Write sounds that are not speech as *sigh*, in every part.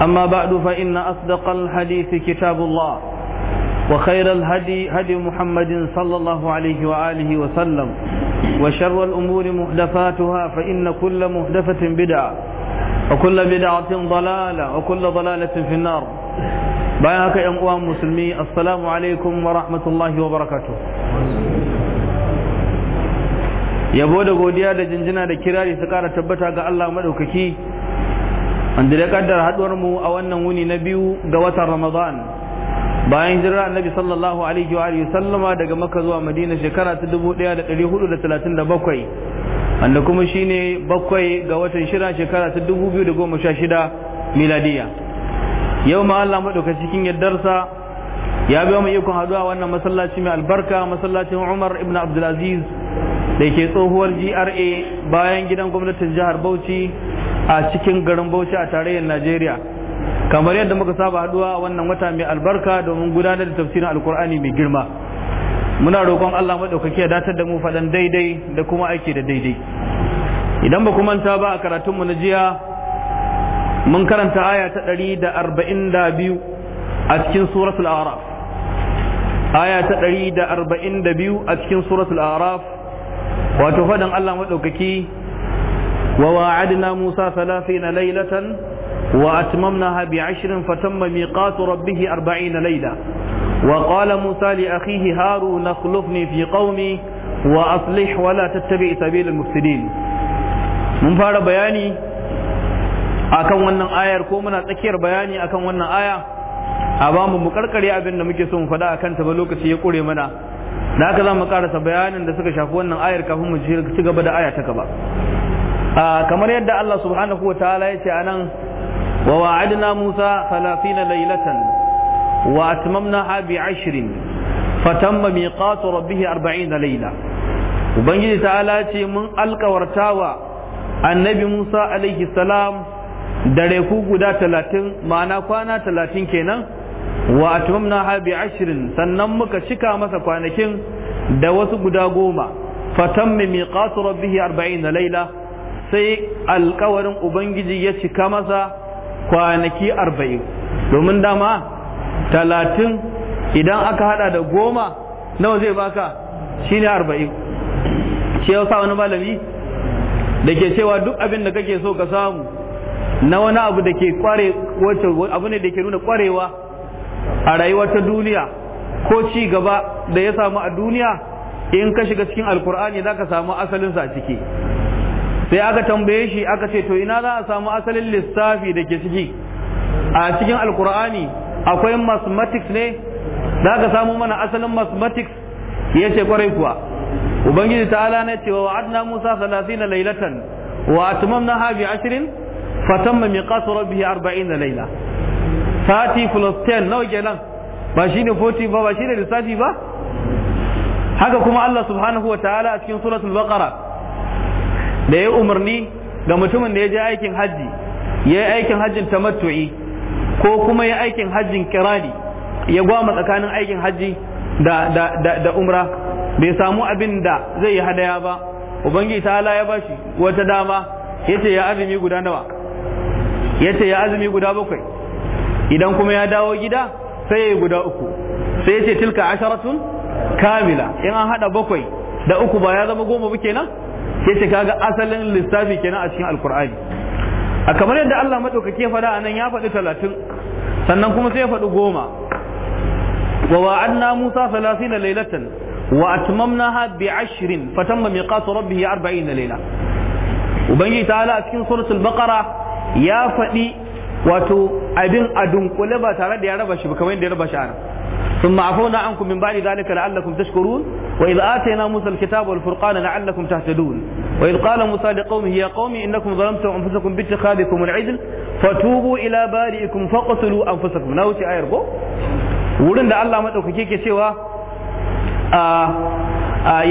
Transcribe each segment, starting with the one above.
أما بعد فإن أصدق الحديث كتاب الله وخير الهدي هدي محمد صلى الله عليه وآله وسلم وشر الأمور محدثاتها فإن كل محدثة بدعة وكل بدعة ضلالة وكل ضلالة في النار بياك يا أموام مسلمي السلام عليكم ورحمة الله وبركاته yabo da godiya da jinjina da kirari su kara tabbata ga Allah maɗaukaki wanda da kaddar haduwar mu a wannan wuni na biyu ga watan ramadan bayan jira annabi sallallahu alaihi wa alihi sallama daga makka zuwa madina shekara ta 1437 wanda kuma shine bakwai ga watan shida shekara ta 2016 miladiya yau ma Allah madauka cikin yaddarsa ya biya mu ikon haduwa wannan masallaci mai albarka masallacin Umar ibn Abdul Aziz da ke tsohuwar GRA bayan gidan gwamnatin jihar Bauchi a cikin garin Bauchi a tarayyar Najeriya kamar yadda muka saba haduwa wannan wata mai albarka domin gudanar da tafsirin alkur'ani mai girma muna roƙon Allah maɗaukaki ya datar da mu faɗan daidai da kuma aiki da daidai idan ba ku manta ba a karatunmu na jiya mun karanta aya ta ɗari da arba'in da biyu a cikin suratul araf aya ta ɗari da arba'in da biyu a cikin suratul araf wato faɗin Allah maɗaukaki وواعدنا موسى ثلاثين ليلة وأتممناها بعشر فتم ميقات ربه أربعين ليلة وقال موسى لأخيه هارون اخلفني في قومي وأصلح ولا تتبع سبيل المفسدين من فار بياني akan wannan ayar ko muna tsakiyar bayani akan wannan aya a ba mu mukarkare abin da muke so mu faɗa akan ta ba lokaci ya kure mana da haka za mu karasa bayanin da suka shafi wannan ayar kafin mu ci gaba da aya ta gaba kamar yadda Allah subhanahu wa ta'ala ya ce a nan wa wa'adna Musa 30 laylatan wa atmamnaha bi 20 fatamma miqatu rabbih 40 layla ubangiji ta'ala ce mun alkawartawa annabi Musa alaihi salam dare ku guda 30 ma'ana kwana 30 kenan wa atmamnaha bi 20 sannan muka cika masa kwanakin da wasu guda goma fatamma miqatu rabbih 40 layla sai alkawarin ubangiji ya cika masa kwanaki arba'in domin dama talatin idan aka hada da goma nawa zai baka ne arba'in shi sa wani malami da ke cewa duk abin da kake so ka samu na wani abu da ke kware wacce abu ne da ke nuna kwarewa a rayuwar ta duniya ko ci gaba da ya samu a duniya in ka shiga cikin alkur'ani za ka samu asalinsa a ciki sai aka tambaye shi aka ce to ina za a samu asalin lissafi da ke ciki a cikin alkur'ani akwai mathematics ne za ka samu mana asalin mathematics ya ce kwarai kuwa ubangiji ta'ala na cewa wa'adna musa salasi na lailatan wa atmamna na bi ashirin fatamma miqasu arba'in arba'ina laila sati plus ten nawa kenan ba shi ne 40 ba ba ne lissafi ba haka kuma Allah subhanahu wa ta'ala a cikin suratul baqara da ya umarni ga mutumin da ya je aikin hajji ya yi aikin hajjin tamattu'i ko kuma ya aikin hajjin kirani ya gwama tsakanin aikin hajji da, umra bai samu abin da zai yi hadaya ba ubangiji ta ya bashi wata dama ya ce ya azumi guda nawa ya ce ya azumi guda bakwai idan kuma ya dawo gida sai ya yi guda uku sai ya ce tilka asharatun kamila in an hada bakwai da uku ba ya zama goma ba kenan Ke ce kaga asalin lissafi kenan a cikin alkur'ani a kamar yadda Allah madaukake fada nan ya faɗi talatin sannan kuma sai ya faɗi goma wa wa'adna Musa 30 laylatan wa atmamnaha bi 20 fatamma miqatu rabbih 40 laila. ubangiji ta'ala a cikin suratul baqara ya faɗi wato abin a dunkule ba tare da ya raba shi ba kamar yadda ya raba shi a ثم عفونا عنكم من بعد ذلك لعلكم تشكرون وإذ آتينا موسى الكتاب والفرقان لعلكم تهتدون وإذ قال موسى لقومه يا قوم إنكم ظلمتم أنفسكم باتخاذكم العجل فتوبوا إلى بارئكم فاقتلوا أنفسكم ناوتي آية ربو wurin da Allah maɗaukaki ke cewa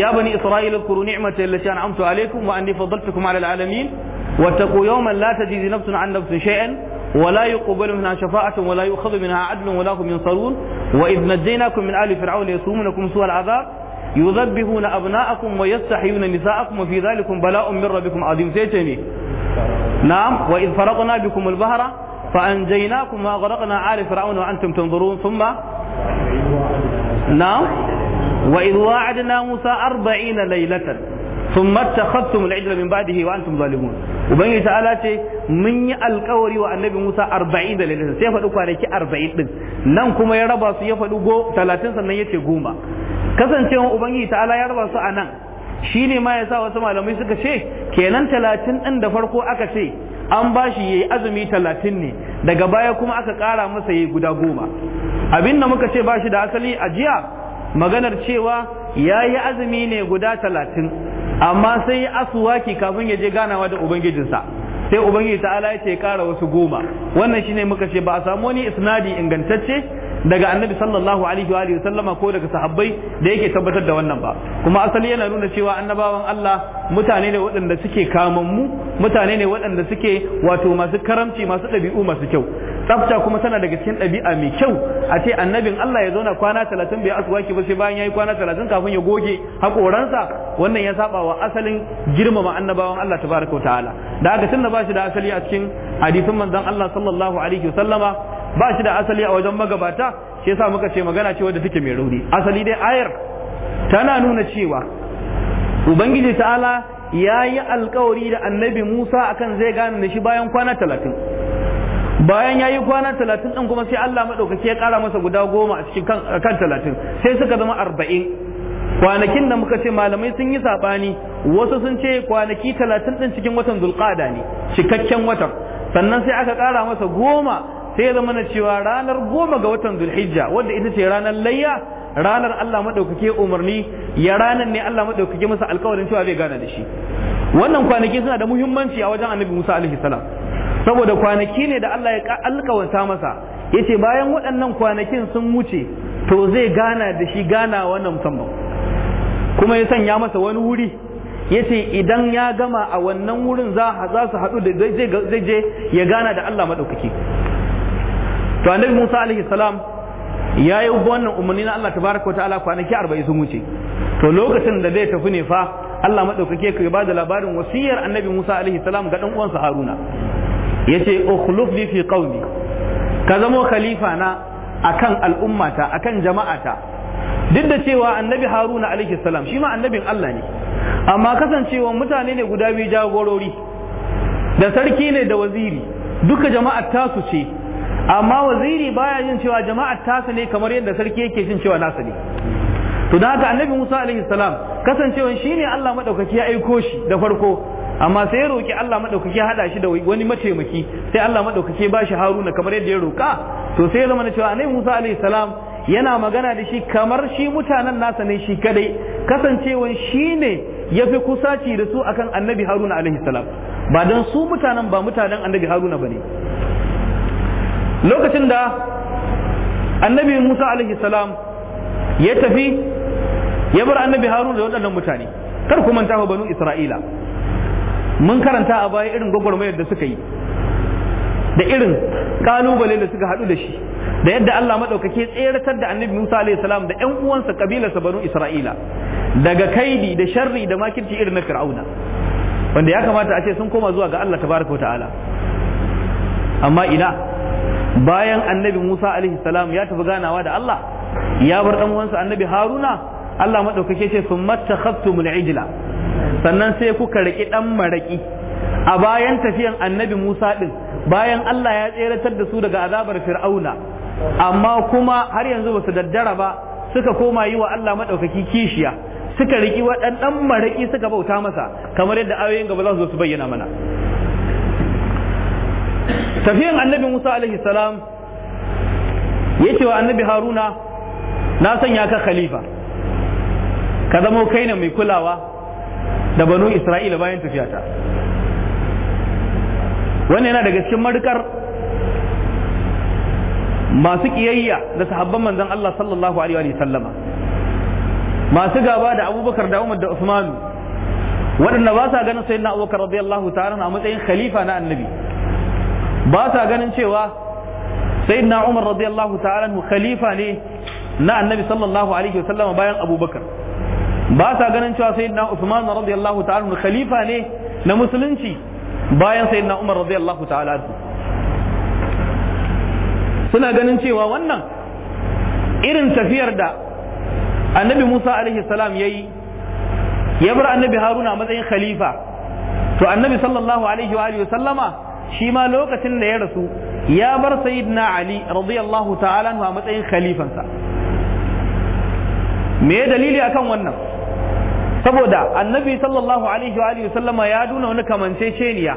ya bani Isra'ila kuru ni'mata allati an'amtu alaikum wa anni faddaltukum ala alalamin wattaqu yawman la tajzi nafsun an nafsin shay'an ولا يقبل منها شفاعة ولا يؤخذ منها عدل ولا هم ينصرون وإذ نجيناكم من آل فرعون يسومونكم سوء العذاب يذبحون أبناءكم ويستحيون نساءكم وفي ذلكم بلاء من ربكم عظيم سيتني نعم وإذ فرقنا بكم البهرة فأنجيناكم وأغرقنا آل فرعون وأنتم تنظرون ثم نعم وإذ واعدنا موسى أربعين ليلة ثم اتخذتم العجل من بعده وانتم ظالمون ubangiji Ala ce mun yi alkawari wa annabi Musa arba'in da lalata sai faɗi kwanaki arba'in ɗin. nan kuma ya raba su ya faɗi go sannan ya ce goma kasancewa ubangiji ta'ala ya raba su a nan ne ma yasa wasu malamai suka ce kenan talatin ɗin da farko aka ce an ba shi yayi azumi talatin ne daga baya kuma aka ƙara masa yi guda goma abin da muka ce ba shi da asali a jiya maganar cewa ya yi azumi ne guda talatin amma sai ya asuwaki kafin ya je ganawa da ubangijinsa sai ubangiji ta'ala ya ce kara wasu goma wannan shine muka ce ba a samu wani isnadi ingantacce daga annabi sallallahu alaihi wa sallama ko daga sahabbai da yake tabbatar da wannan ba kuma asali yana nuna cewa annabawan Allah mutane ne waɗanda suke kamammu mutane ne waɗanda suke wato masu karamci masu ɗabi'u masu kyau tsafta kuma tana daga cikin ɗabi'a mai kyau a ce annabin Allah ya zauna kwana talatin bai ki ba sai bayan ya yi kwana talatin kafin ya goge hakoransa wannan ya saba wa asalin girmama annabawan Allah tabaraka wa ta'ala da haka tunda ba shi da asali a cikin hadisin manzon Allah sallallahu alaihi wa sallama ba shi da asali a wajen magabata shi yasa muka ce magana ce wadda take mai rauni asali dai ayar tana nuna cewa ubangiji ta'ala ya yi alkawari da annabi Musa akan zai gane shi bayan kwana talatin bayan ya yi kwana talatin ɗin kuma sai Allah maɗaukaki ya ƙara masa guda goma a cikin kan talatin sai suka zama arba'in kwanakin da muka ce malamai sun yi saɓani wasu sun ce kwanaki talatin ɗin cikin watan zulƙada ne cikakken watan sannan sai aka ƙara masa goma sai ya zama na cewa ranar goma ga watan zulhijja wadda ita ce ranar layya ranar Allah maɗaukaki umarni ya ranar ne Allah maɗaukaki masa alƙawarin cewa zai gana da shi wannan kwanaki suna da muhimmanci a wajen annabi Musa alaihi salam saboda kwanaki ne da Allah ya alƙawanta masa yace bayan waɗannan kwanakin sun wuce to zai gana da shi gana wannan musamman kuma ya sanya masa wani wuri yace idan ya gama a wannan wurin za za su haɗu da zai je ya gana da Allah maɗaukaki. to annabi Musa alaihi salam ya yi wannan umarni na Allah tabaraka wa ta'ala kwanaki 40 sun wuce to lokacin da zai tafi ne fa Allah madaukake ya ba da labarin wasiyar annabi Musa alaihi salam ga dan uwansa Haruna yace ce fi qawmi ka zamo khalifa na akan al'ummata akan jama'ata duk da cewa annabi haruna alaihi salam shi ma annabin Allah ne amma kasancewa mutane ne guda biyu jagorori da sarki ne da waziri duka jama'ar tasu ce amma waziri baya yin cewa jama'ar tasu ne kamar yadda sarki yake jin cewa nasa ne to da haka annabi Musa alaihi salam kasancewa shine Allah maɗaukaki ya aiko shi da farko amma sai ya roki Allah ya hada shi da wani mataimaki sai Allah maɗaukaki ba shi Haruna kamar yadda ya roka to sai ya zama na cewa anai Musa alayhi salam yana magana da shi kamar shi mutanen nasa ne shi kadai kasancewan shi ne ya fi kusaci da su akan annabi haruna alayhi salam ba don su mutanen ba mutanen annabi haruna ba lokacin da annabi musa alayhi salam ya tafi ya bar annabi haruna da waɗannan mutane kar ku manta banu isra'ila mun karanta a baya irin gwagwarmayar da suka yi da irin kalubale da suka haɗu da shi da yadda Allah maɗaukake tseratar da annabi Musa alayhi salam da ƴan uwansa kabilarsa banu Isra'ila daga kaidi da sharri da makirci irin na Fir'auna wanda ya kamata a ce sun koma zuwa ga Allah tabaraka ta'ala amma ina bayan annabi Musa alayhi salam ya tafi ganawa da Allah ya bar ɗan uwansa annabi Haruna Allah maɗaukake ce sun mattakhaftumul ijla sannan sai kuka riki ɗan maraƙi. a bayan tafiyan annabi Musa ɗin, bayan Allah ya tseratar da su daga azabar fir'auna amma kuma har yanzu basu daddara ba suka koma yi wa Allah madaukaki kishiya suka riki waɗannan maraki suka bauta masa kamar yadda ayoyin gaba za su su bayyana mana tafiyan annabi Musa alaihi salam yace wa annabi Haruna na sanya ka khalifa ka zama kai ne mai kulawa da banu isra'ila bayan tafiyata wannan yana daga cikin marikar masu kiyayya da sahabban manzon Allah sallallahu alaihi wa sallama masu gaba da abubakar da umar da usmanu waɗanda ba sa ganin sayyidina abubakar radiyallahu ta'ala a matsayin khalifa na annabi ba sa ganin cewa sayyidina umar radiyallahu ta'ala khalifa ne na annabi sallallahu alaihi wa sallama bayan abubakar ba sa ganin cewa sayyidina Uthman radiyallahu ta'ala khalifa ne na musulunci bayan sayyidina Umar radiyallahu ta'ala suna ganin cewa wannan irin tafiyar da annabi Musa alaihi salam yayi ya bar annabi Haruna a matsayin khalifa to annabi sallallahu alaihi wa alihi sallama shi ma lokacin da ya rasu ya bar sayyidina Ali radiyallahu ta'ala a matsayin khalifansa me dalili akan wannan saboda annabi sallallahu alaihi wa alihi sallama ya duna wani kamanceceniya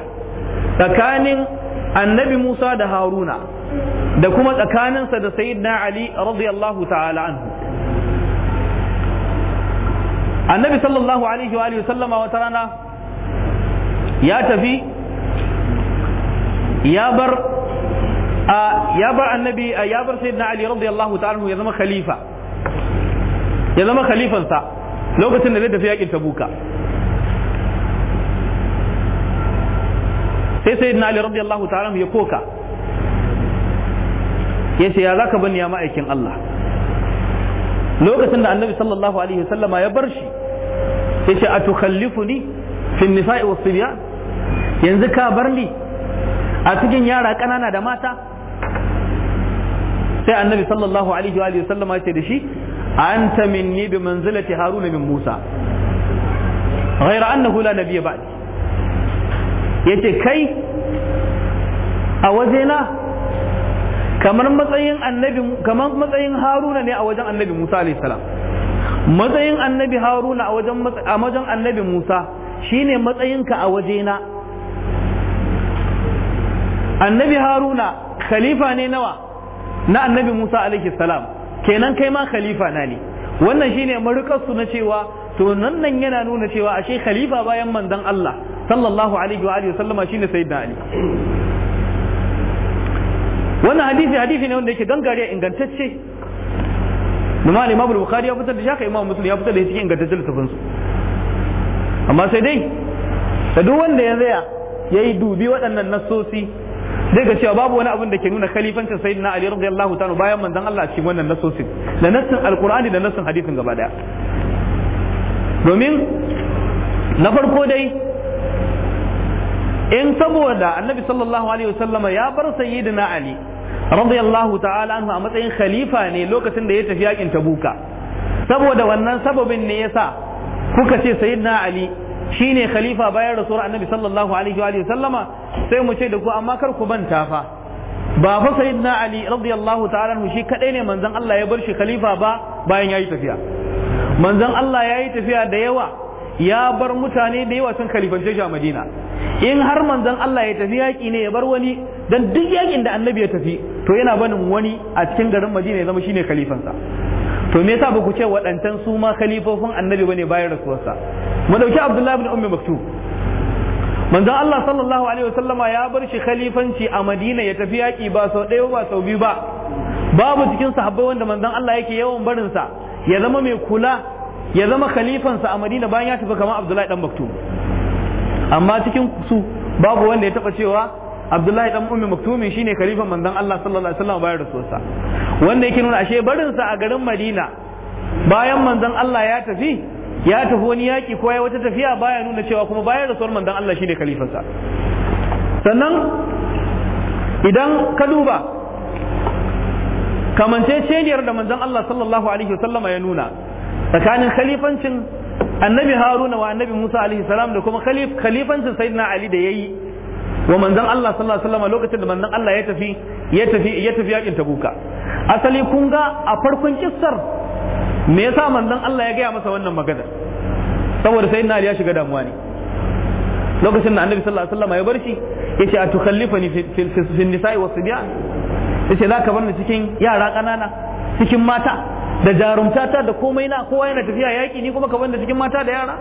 tsakanin annabi Musa da Haruna da kuma tsakaninsa da sayyidina Ali radiyallahu ta'ala anhu annabi sallallahu alaihi wa alihi sallama wata rana ya tafi ya bar ya bar annabi ya bar sayyidina Ali radiyallahu ta'ala ya zama khalifa ya zama khalifansa lokacin da zai tafi yakin tabuka sai sai na ali radiyallahu ta'ala ya koka ya ce ya za ka bani ya ma'aikin Allah lokacin da annabi sallallahu alaihi wasallama ya bar shi ya ce a tukallifuni fi nisa'i was sibyan yanzu ka bar ni a cikin yara kanana da mata sai annabi sallallahu alaihi wa sallama ya ce da shi anta minni bi manzilati haruna min musa ghayra annahu la nabiyya ba'di yace kai a wajena kamar matsayin annabi kamar matsayin haruna ne a wajen annabi musa alayhi salam matsayin annabi haruna a wajen a wajen annabi musa shine matsayinka a wajena annabi haruna khalifa ne nawa na annabi musa alayhi salam kenan kai ma khalifa na ne wannan shine marukarsu na cewa to nan nan yana nuna cewa ashe khalifa bayan manzon Allah sallallahu alaihi wa alihi wasallama shine sayyidina ali wannan hadisi hadisi ne wanda yake gangare ingantacce kuma Imam Bukhari ya fitar da shaka Imam Muslim ya fitar da cikin ingantaccen littafin su amma sai dai da duk wanda ya zaya yayi dubi waɗannan nassosi zai ga cewa babu wani abin da ke nuna khalifancin sayyidina ali radiyallahu ta'ala bayan manzon Allah cikin wannan nasosin da nassin alqur'ani da nassin hadisin gaba daya domin na farko dai in saboda annabi sallallahu alaihi wasallama ya bar sayyidina ali radiyallahu ta'ala anhu a matsayin khalifa ne lokacin da ya tafi yakin tabuka saboda wannan sababin ne yasa kuka ce sayyidina ali Shi ne khalifa bayan rasuwar annabi sallallahu alaihi wa sallama sai mu ce da ku amma kar ku banta fa ba fa sayyidina ali radiyallahu ta'ala anhu shi kadai ne manzon Allah ya bar shi khalifa ba bayan yayi tafiya manzon Allah yayi tafiya da yawa ya bar mutane da yawa sun kalifance shi a Madina in har manzon Allah ya tafi yaki ne ya bar wani dan duk yakin da annabi ya tafi to yana banin wani a cikin garin Madina ya zama shine khalifansa to me yasa ba ku ce waɗancan su ma khalifofin annabi bane bayan rasuwarsa mu dauki abdullahi ibn ummi maktub manzon Allah sallallahu alaihi wasallama ya bar shi khalifanci a Madina ya tafi yaki ba sau ɗaya ba sau biyu ba babu cikin sahabbai wanda manzon Allah yake yawan barin sa ya zama mai kula ya zama khalifansa a Madina bayan ya tafi kamar Abdullahi dan Maktub amma cikin su babu wanda ya taba cewa Abdullahi dan Ummi Maktumin shine khalifan manzon Allah sallallahu alaihi wasallam bayan rasuwarsa wanda yake nuna ashe barinsa a garin madina bayan manzon Allah ya tafi ya tafi wani yaƙi ko ya wata tafiya baya nuna cewa kuma bayan rasuwar manzon Allah shine khalifansa sannan idan ka duba kamanceceniyar da manzon Allah sallallahu alaihi wasallama ya nuna tsakanin khalifancin annabi haruna wa annabi musa alaihi salam da kuma khalifancin sayyidina ali da yayi wa manzon Allah sallallahu alaihi wasallama lokacin da manzon Allah ya tafi ya tafi ya tafi yakin tabuka asali kun ga a farkon kissar me yasa manzon Allah ya gaya masa wannan magana saboda sai na ya shiga damuwa ne lokacin da annabi sallallahu alaihi wasallam ya bar shi yace a tukhallifani fil nisa'i was sibyan yace zaka bar ni cikin yara kanana cikin mata da jarumtata da komai na kowa yana tafiya yaki ni kuma ka bar ni cikin mata da yara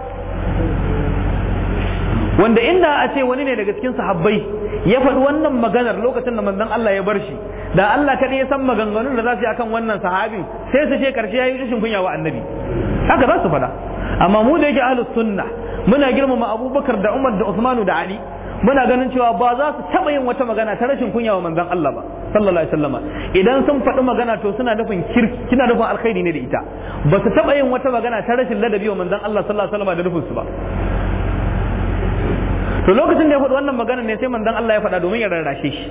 wanda inda a ce wani ne daga cikin sahabbai ya faɗi wannan maganar lokacin da manzon Allah ya bar shi da Allah kaɗai ya san maganganun da za su yi akan wannan sahabi sai su ce karshe ya yi rashin kunya wa annabi haka za su faɗa amma mu da yake ahlus sunna muna girmama abubakar da umar da usmanu da ali muna ganin cewa ba za su taɓa yin wata magana ta rashin kunya wa manzon Allah ba sallallahu alaihi wasallama idan sun faɗi magana to suna nufin kirki suna nufin alkhairi ne da ita ba su taɓa yin wata magana ta rashin ladabi wa manzon Allah sallallahu alaihi wasallama da nufinsu ba to lokacin da ya faɗi wannan magana ne sai manzon Allah ya faɗa domin ya rarrashe shi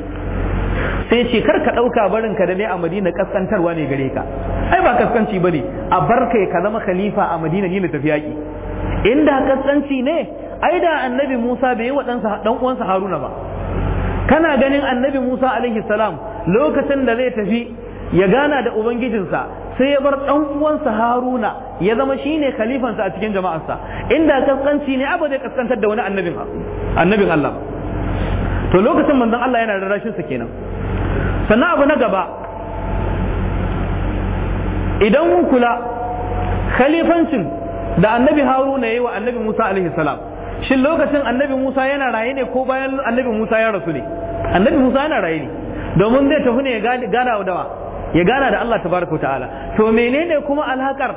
sai ce kar ka ɗauka barin ka da ne a madina kaskantarwa ne gare ka ai ba kaskanci ba a bar kai ka zama khalifa a madina ne na tafi yaƙi inda kaskanci ne ai da annabi musa bai yi wa ɗan uwansa haruna ba kana ganin annabi musa alaihi salam lokacin da zai tafi ya gana da ubangijinsa sai ya bar dan uwansa haruna ya zama shine khalifansa a cikin jama'arsa inda kaskanci ne abu zai kaskantar da wani annabin annabin Allah to lokacin manzon Allah yana da rashin sa kenan sannan abu na gaba idan mun kula khalifancin da annabi haruna yayi wa annabi Musa alaihi salam shin lokacin annabi Musa yana raye ne ko bayan annabi Musa ya rasu ne annabi Musa yana raye ne domin zai tafi ne gana da ya gana da Allah tabaraka ta'ala to menene kuma alhakar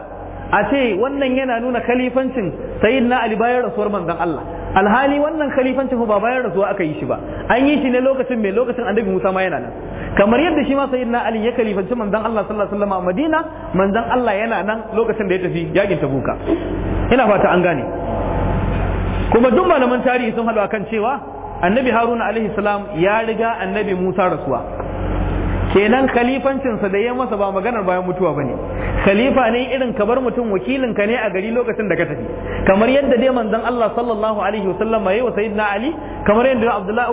a ce wannan yana nuna khalifancin sayyidina Ali bayan rasuwar manzon Allah alhali wannan khalifancin ba bayan rasuwa aka yi shi ba an yi shi ne lokacin mai lokacin annabi Musa ma yana nan kamar yadda shi ma sayyidina Ali ya khalifanci manzon Allah sallallahu alaihi wasallam a Madina manzon Allah yana nan lokacin da ya tafi yakin Tabuka ina fata an gane kuma duk malaman tarihi sun halwa kan cewa annabi Haruna alaihi salam ya riga annabi Musa rasuwa kenan sa da ya masa ba maganar bayan mutuwa bane khalifa ne irin ka bar mutum wakilin ka ne a gari lokacin da ka tafi kamar yadda dai manzon Allah sallallahu alaihi wasallam yayi wa sayyidina Ali kamar yadda Abdullah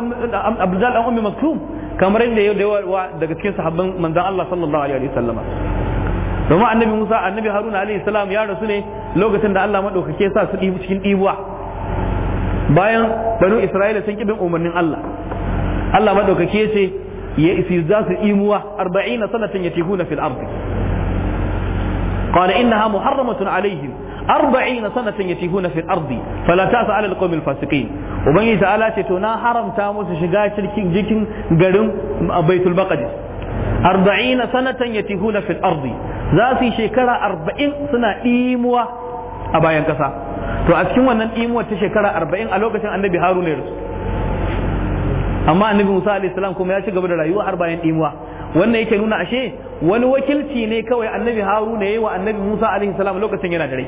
Abdullah dan Ummi Maktum kamar yadda yawa daga cikin sahabban manzon Allah sallallahu alaihi wasallam domin annabi Musa annabi Haruna alaihi salam ya rasu ne lokacin da Allah madaukake sa su cikin dibuwa bayan banu Isra'ila sun kibin umarnin Allah Allah madaukake ce يأسي ذات إيموة أربعين سنة يتيهون في الأرض قال إنها محرمة عليهم أربعين سنة يتيهون في الأرض فلا تأس على القوم الفاسقين ومن تعالى تتنا حرم تاموس شقاة شركين جيكين قرم بيت المقدس أربعين سنة يتيهون في الأرض ذاتي شكرا أربعين سنة إيموة أبا ينكسا تو أسكن cikin wannan imuwar أربعين shekara أن a هارون يرسل amma annabi Musa alaihi salam kuma ya ci gaba da rayuwa har bayan dimuwa wannan yake nuna ashe wani wakilci ne kawai annabi Haruna yayi wa annabi Musa alaihi salam lokacin yana dare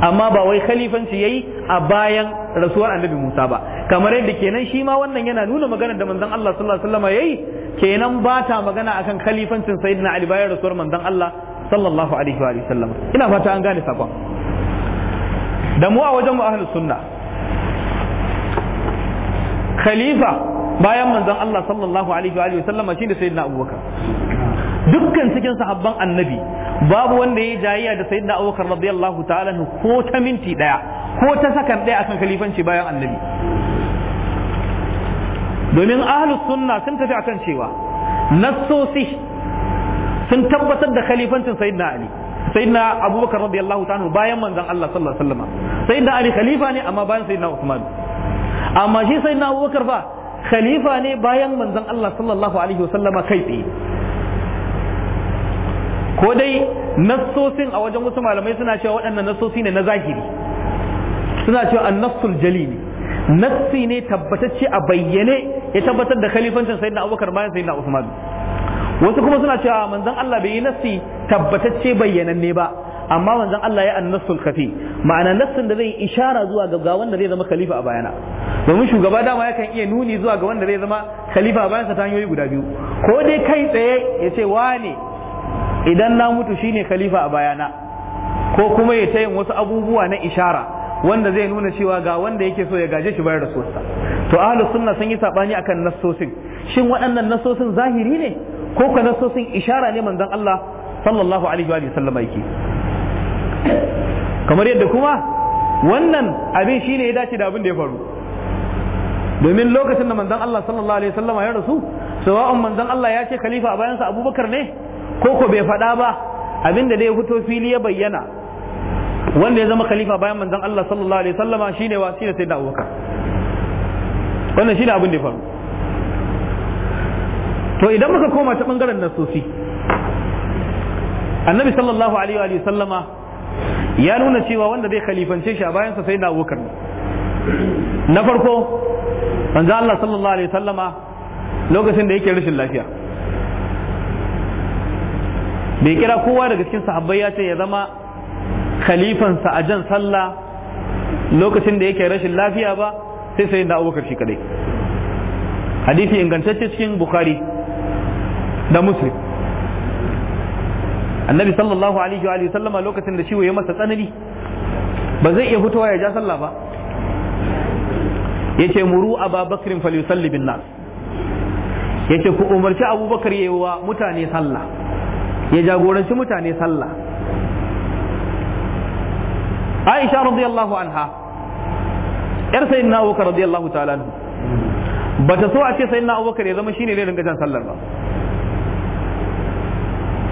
amma ba wai khalifanci yayi a bayan rasuwar annabi Musa ba kamar yadda kenan shi ma wannan yana nuna maganar da manzon Allah sallallahu alaihi wasallam yayi kenan ba ta magana akan khalifancin sayyidina Ali bayan rasuwar manzon Allah sallallahu alaihi wa sallam ina fata an gane sakon da mu a wajen mu ahlus sunna khalifa bayan manzon Allah sallallahu alaihi wa sallama shine sayyidina Abubakar dukkan cikin sahabban annabi babu wanda ya jayayya da sayyidina Abubakar radiyallahu ta'ala ko ta minti daya ko ta sakan daya akan khalifanci bayan annabi domin ahlus sunna sun tafi akan cewa nassosi sun tabbatar da khalifancin sayyidina Ali sayyidina Abubakar radiyallahu ta'ala bayan manzon Allah sallallahu alaihi wa sallama sayyidina Ali khalifa ne amma bayan sayyidina Uthman amma shi sayyidina Abubakar fa khalifa ne bayan manzon Allah sallallahu alaihi wasallama kai tsaye ko dai nassosin a wajen wasu malamai suna cewa waɗannan nassosi ne na zahiri suna cewa annasul jalili nassi ne tabbatacce a bayyane ya tabbatar da khalifancin sayyidina Abubakar bayan sayyidina Usman wasu kuma suna cewa manzon Allah bai yi nassi tabbatacce bayyananne ba amma manzon Allah ya annasul khafi ma'ana nassin da zai ishara zuwa ga wanda zai zama khalifa a bayana domin shugaba dama yakan iya nuni zuwa ga wanda zai zama khalifa a bayansa ta hanyoyi guda biyu ko dai kai tsaye ya ce wane idan na mutu shine khalifa a bayana ko kuma ya tayin wasu abubuwa na ishara wanda zai nuna cewa ga wanda yake so ya gaje shi bayan rasuwarsa to ahlus sunna sun yi sabani akan nassosin shin waɗannan nassosin zahiri ne ko ka nassosin ishara ne manzon Allah sallallahu alaihi wa sallam yake kamar yadda kuma wannan abin shi ne ya dace da abin da ya faru domin lokacin da manzon Allah sallallahu alaihi wasallama ya rasu sawa'un manzon Allah ya ce khalifa a bayansa Abubakar ne ko ko bai faɗa ba abin da ya fito fili ya bayyana wanda ya zama khalifa bayan manzon Allah sallallahu alaihi wasallama shine wa shine sayyidina Abubakar wannan shine abin da ya faru to idan muka koma ta bangaren nasosi annabi sallallahu alaihi wa sallama ya nuna cewa wanda zai khalifance shi a bayansa sai na abubakar na farko manzo Allah sallallahu alaihi sallama lokacin da yake rashin lafiya bai kira kowa daga cikin sahabbai ya ce ya zama khalifansa a jan sallah lokacin da yake rashin lafiya ba sai sai da abubakar shi kadai hadisi ingantacce cikin bukhari da muslim annabi sallallahu alaihi wa sallama lokacin da ciwo ya masa tsanani ba zai iya fitowa ya ja sallah ba yace muru aba bakrin falyusalli bin nas yace ku umarci abubakar yayi wa mutane sallah ya jagoranci mutane sallah aisha radiyallahu anha yar sayyidina abubakar radiyallahu ta'ala bata so a ce sayyidina abubakar ya zama shine ne ringa jan sallar ba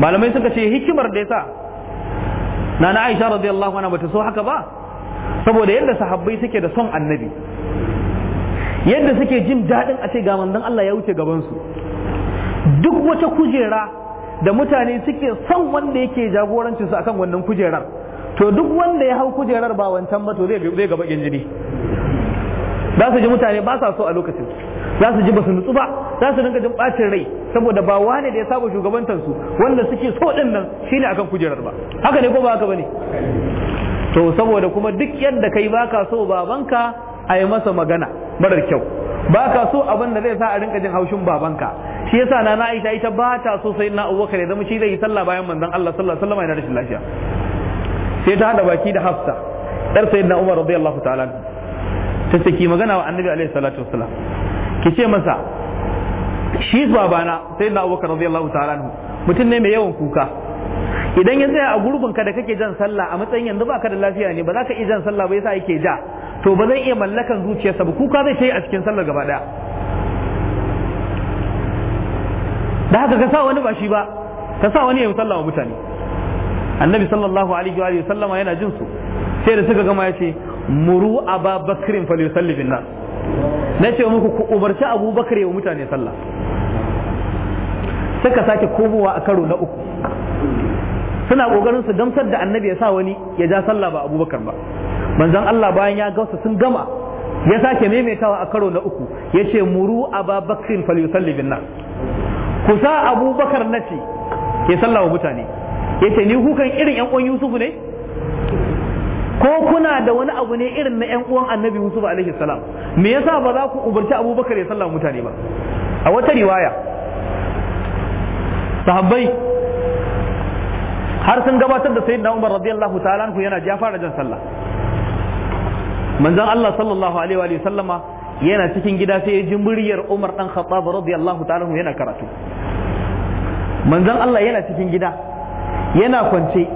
malamai suka ce hikimar da yasa na na aisha radiyallahu anha bata so haka ba saboda yadda sahabbai suke da son annabi yadda suke jin daɗin a ce ga manzon Allah ya wuce gabansu duk wata kujera da mutane suke son wanda yake jagorancinsu akan wannan kujerar to duk wanda ya hau kujerar ba wancan ba to zai ga bakin jini za su ji mutane ba sa so a lokacin za su ji ba su nutsu ba za su dinga jin bacin rai saboda ba wane da ya saba shugabantansu wanda suke so din nan shine akan kujerar ba haka ne ko ba haka bane to saboda kuma duk yadda kai baka so babanka a yi masa magana marar kyau baka so abin da zai sa a rinka jin haushin babanka shi yasa na na aisha ita ba ta so sai na uwa kare zama shi zai yi sallah bayan manzon Allah sallallahu alaihi wasallam yana rashin lafiya sai ta hada baki da Hafsa dar sayyidina Umar radiyallahu ta'ala ta ce ki magana wa Annabi alaihi salatu wasallam ki ce masa shi babana sai na abubakar radiyallahu ta'ala anhu mutum ne mai yawan kuka idan ya tsaya a gurbin ka da kake jan sallah a matsayin yanzu baka da lafiya ne ba za ka iya jan sallah ba yasa yake ja to ba iya mallakan zuciyarsa ba kuka zai ta yi a cikin sallar gaba daya da haka ka sa wani ba shi ba ka sa wani ya yi sallah wa mutane annabi sallallahu alaihi wa sallama yana jin su sai da suka gama ya ce muru aba bakrin fal yusalli bin nas na ce muku ku umarci abubakar ya mutane sallah suka sake komowa a karo na uku suna kokarin su gamsar da annabi ya sa wani ya ja sallah ba abubakar ba manzon Allah bayan ya gausa sun gama ya sake maimaitawa a karo na uku ya ce muru ababakrin falyusalli bin nas ku sa abubakar nace ke sallah wa mutane ya ce ni kukan irin yan uwan yusufu ne ko kuna da wani abu ne irin na ƴan uwan annabi Yusuf alaihi salam me yasa ba za ku ubarci Abubakar ya sallama mutane ba a wata riwaya sahabbai har sun gabatar da sayyidina Umar radiyallahu ta'ala anhu yana ja fara jan sallah manzon Allah sallallahu alaihi wa sallama yana cikin gida sai ya ji muryar Umar dan Khattab radiyallahu ta'ala anhu yana karatu manzon Allah yana cikin gida yana kwance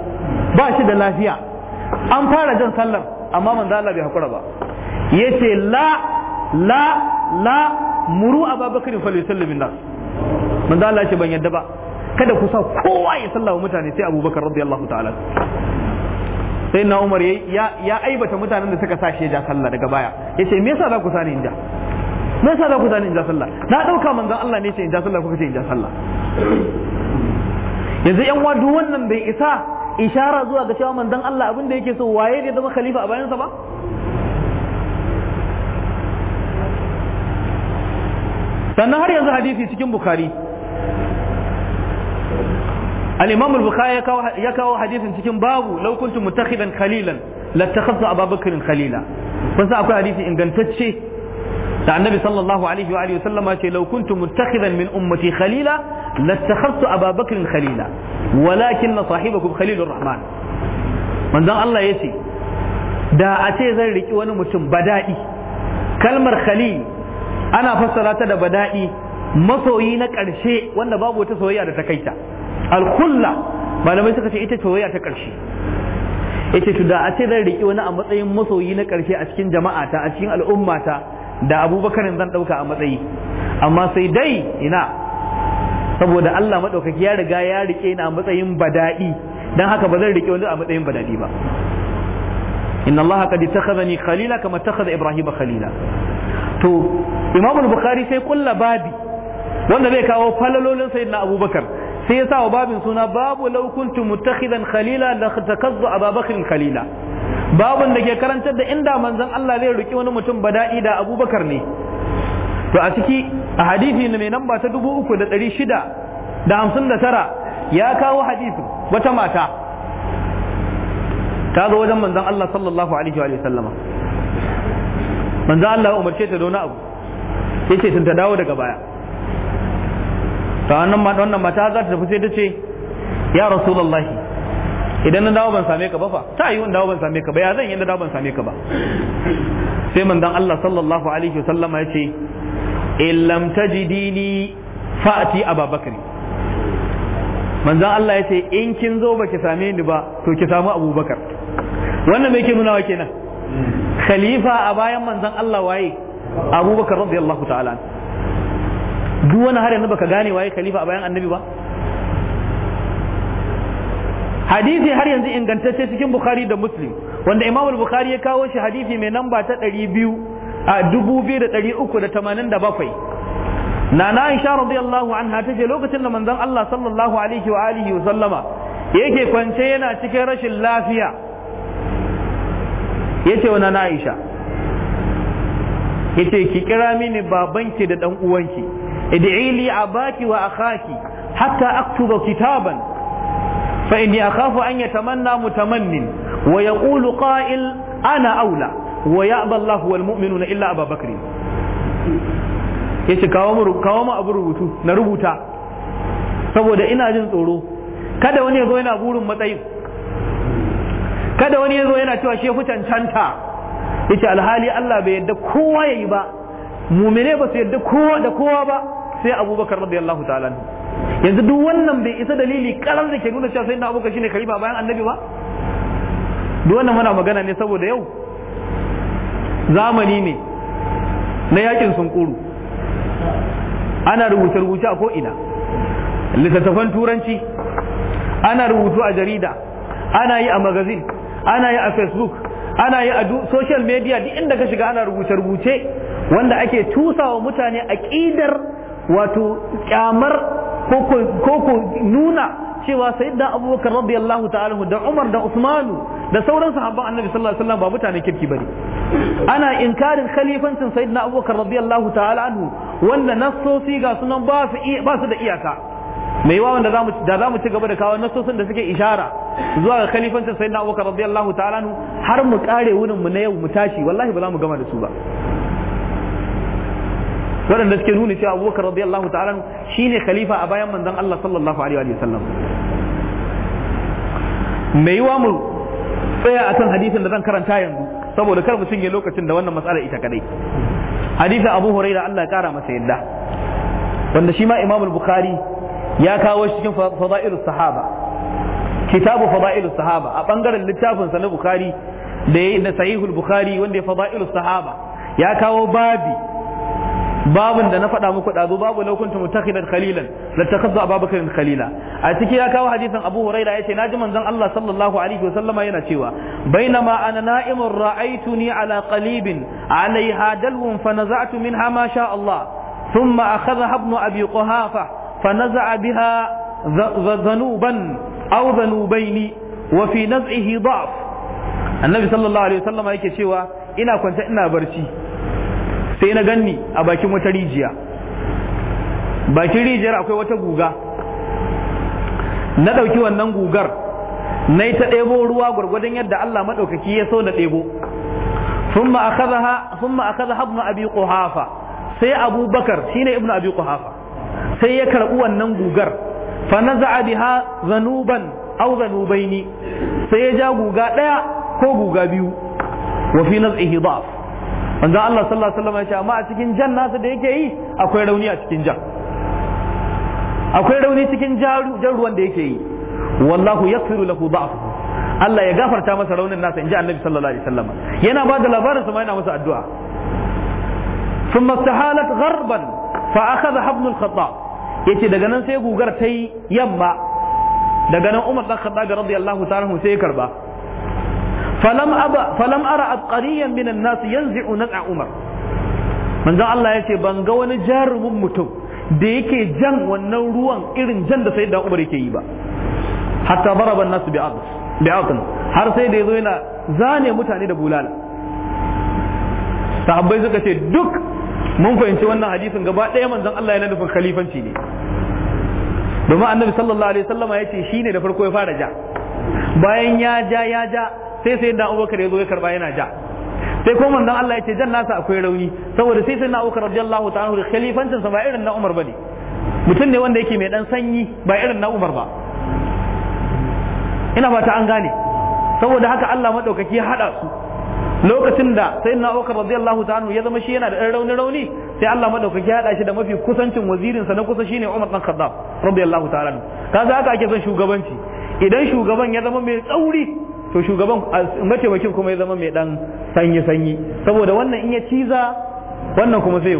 ba shi da lafiya an fara jan sallar amma manzo Allah bai hakura ba yace la la la muru abubakar fa li bin nas manzo Allah ce ban yadda ba kada ku sa kowa ya sallawa mutane sai abubakar radiyallahu ta'ala sai na umar ya aibata mutanen da suka sa shi ja sallah daga baya yace me yasa za ku sani inda me yasa za ku sani inda sallah na dauka manzon Allah ne ce inda sallah kuka ce inda sallah yanzu yan wadu wannan bai isa ishara zuwa ga cewa manzon Allah abin da yake so waye ne zama khalifa a bayansa ba sannan har yanzu hadisi cikin bukhari al-imam al-bukhari ya kawo hadisin cikin babu law kuntum mutakhidan khalilan lattakhadtu ababakr khalila kun san akwai hadisi ingantacce da annabi sallallahu alaihi wa alihi sallama ce law kuntu muttakhidan min ummati khalila lattakhadtu Abu Bakr khalila walakin sahibakum khalilur rahman manzon Allah yace da a ce zan riki wani mutum bada'i kalmar khalil ana fassara ta da bada'i masoyi na ƙarshe wanda babu wata soyayya da takaita al alkulla malamai suka ce ita soyayya ta ƙarshe yace to da a ce zan riki wani a matsayin masoyi na ƙarshe a cikin jama'ata a cikin al'ummata da abubakarin zan ɗauka a matsayi amma sai dai ina saboda Allah maɗaukaki ya riga ya rike ni a matsayin bada'i don haka ba zan rike wani a matsayin bada'i ba inna Allah qad ittakhadhani khalila kama ittakhadha Ibrahim khalila to Imam al-Bukhari sai kulla babi wanda zai kawo falalolin sayyidina Abubakar sai ya sa wa babin suna babu law kuntu muttakhidan khalila la takazzu Abubakar khalila babun da ke karantar da inda manzon Allah zai riki wani mutum bada'i da abubakar ne to a ciki a hadisi mai namba ta dubu uku da ɗari shida da hamsin da tara ya kawo hadisi wata mata ta zo wajen manzon Allah sallallahu alaihi wa sallama manzon Allah ya umarce ta da wani abu yace tun ta dawo daga baya ta wannan mata za ta tafi sai ta ce ya rasulullahi idan na dawo ban same ka ba fa ta yi dawo ban same ka ba ya zan yi na dawo ban same ka ba sai manzon Allah sallallahu alaihi wasallama ya ce in lam tajidini fa'ati ababakari manzon Allah ya ce in kin zo ba ki same ni ba to ki samu abubakar wannan me yake nuna wa kenan khalifa a bayan manzon Allah waye abubakar radiyallahu ta'ala duk wani har yanzu baka gane waye khalifa a bayan annabi ba hadisi har yanzu ingantacce cikin bukhari da muslim wanda imam al-bukhari ya kawo shi hadisi mai namba ta 200 a 2387 nana aisha radiyallahu anha tace lokacin da manzon Allah sallallahu alaihi wa alihi wa sallama yake kwance yana cikin rashin lafiya yace wa na aisha yace ki kira mini babanki da dan uwanki id'ili abaki wa akhaki hatta aktuba kitaban fa inni akhafu an yatamanna mutamannin wa yaqulu qa'il ana aula wa ya'ba Allah wal illa Abu Bakr yace kawo mu kawo mu abu rubutu na rubuta saboda ina jin tsoro kada wani ya zo yana burin matsayi kada wani ya zo yana cewa shefu cancanta yace alhali Allah bai yadda kowa yayi ba mumine ba su yadda kowa da kowa ba sai abubakar radiyallahu ta'ala yanzu duk wannan bai isa dalili karar da ke nuna cewa sai na abokan shi shine ba bayan annabi ba duk wannan muna magana ne saboda yau zamani ne na yakin sunkuru ana rubuce-rubuce a ko'ina littattafan turanci ana rubutu a jarida ana yi a magazin ana yi a facebook ana yi a social media duk inda ka shiga ana rubuce-rubuce wanda ake tusawa mutane aƙidar wato kyamar ko ku nuna cewa sayyidina abubakar radiyallahu ta'ala da umar da usmanu da sauran sahabban annabi sallallahu alaihi wasallam ba mutane kirki bane ana inkarin khalifancin sayyidina abubakar radiyallahu ta'ala anhu wanda nassosi ga sunan ba su ba su da iyaka mai yawa wanda zamu da zamu ci gaba da kawo nassosin da suke ishara zuwa ga khalifancin sayyidina abubakar radiyallahu ta'ala anhu har mu kare wurin mu na yau mu tashi wallahi ba za mu gama da su ba waɗanda suke nuna cewa abubakar radiyallahu ta'ala shine khalifa a bayan manzon Allah sallallahu alaihi wa sallam mai yiwa mu tsaya akan hadisin da zan karanta yanzu saboda kar mu cinye lokacin da wannan matsala ita kadai hadisin Abu huraira Allah ya kara masa yadda wanda shi ma Imam Bukhari ya kawo shi cikin fada'ilus sahaba kitabu fada'ilus sahaba a bangaren littafin sa na Bukhari da da sahihul Bukhari wanda ya fada'ilus sahaba ya kawo babi babin da na faɗa muku ɗazu babu laukunta mutakhidan khalilan lattakhadha ababakar khalila a ciki ya kawo hadisin abu huraira yace ji manzon Allah sallallahu alaihi wasallama yana cewa bainama ana na'imun ra'aituni ala qalibin alaiha dalwun fa naza'tu minha ma sha Allah thumma akhadha ibn abi quhafa fa naza'a biha dhanuban aw dhanubaini wa fi naz'ihi da'f annabi sallallahu alaihi wasallama yake cewa ina kwance ina barci sai na ganni a bakin wata rijiya bakin rijiyar akwai wata guga na ɗauki wannan gugar na yi ta ɗebo ruwa gwargwadon yadda Allah maɗaukaki ya so na ɗebo sun ma'akaza habnu abi ƙuhafa sai abubakar shi ne ibnu abi ƙuhafa sai ya karɓi wannan gugar fa na za'a biha zanuban au zanubaini sai ya ja guga ɗaya ko guga biyu wa fi naz'ihi da'af manzo Allah sallallahu alaihi wasallam ya ce amma a cikin jan nasa da yake yi akwai rauni a cikin jan akwai rauni cikin jan ruwan da yake yi wallahu yaghfiru lahu da'fu Allah ya gafarta masa raunin nasa inji Annabi sallallahu alaihi wasallam yana ba da labarin sa ma yana masa addu'a thumma istahalat gharban fa akhadha ibn al-khattab yace daga nan sai gugar ta yi yamma daga nan Umar dan Khattab radiyallahu ta'ala sai ya karba Falan aba falam ara abqariyan min an-nas yanzi'u naz'a umar manzon Allah yace ban ga wani jarumin mutum da yake jan wannan ruwan irin jan da sayyidina umar yake yi ba hatta daraba an-nas bi'ad bi'atun har sai da zo yana zane mutane da bulala sahabbai suka ce duk mun fahimci wannan hadisin gaba ɗaya manzon Allah yana nufin khalifanci ne domin annabi sallallahu alaihi wasallama yace shine da farko ya fara ja bayan ya ja ya ja sai sai da abubakar ya zo ya karba yana ja sai kuma manzon Allah ya ce jan nasa akwai rauni saboda sai sai na abubakar radiyallahu ta'ala da khalifancin sa ba irin na Umar bane mutum ne wanda yake mai dan sanyi ba irin na Umar ba ina ba ta an gane saboda haka Allah madaukaki ya hada su lokacin da sai na Umar radiyallahu ta'ala ya zama shi yana da rauni rauni sai Allah madaukaki ya hada shi da mafi kusancin wazirin sa na kusa shine Umar dan Khattab radiyallahu ta'ala kaza haka ake son shugabanci idan shugaban ya zama mai tsauri to shugaban mataimakin kuma ya zama mai dan sanyi sanyi saboda wannan in ya ciza wannan kuma zai ya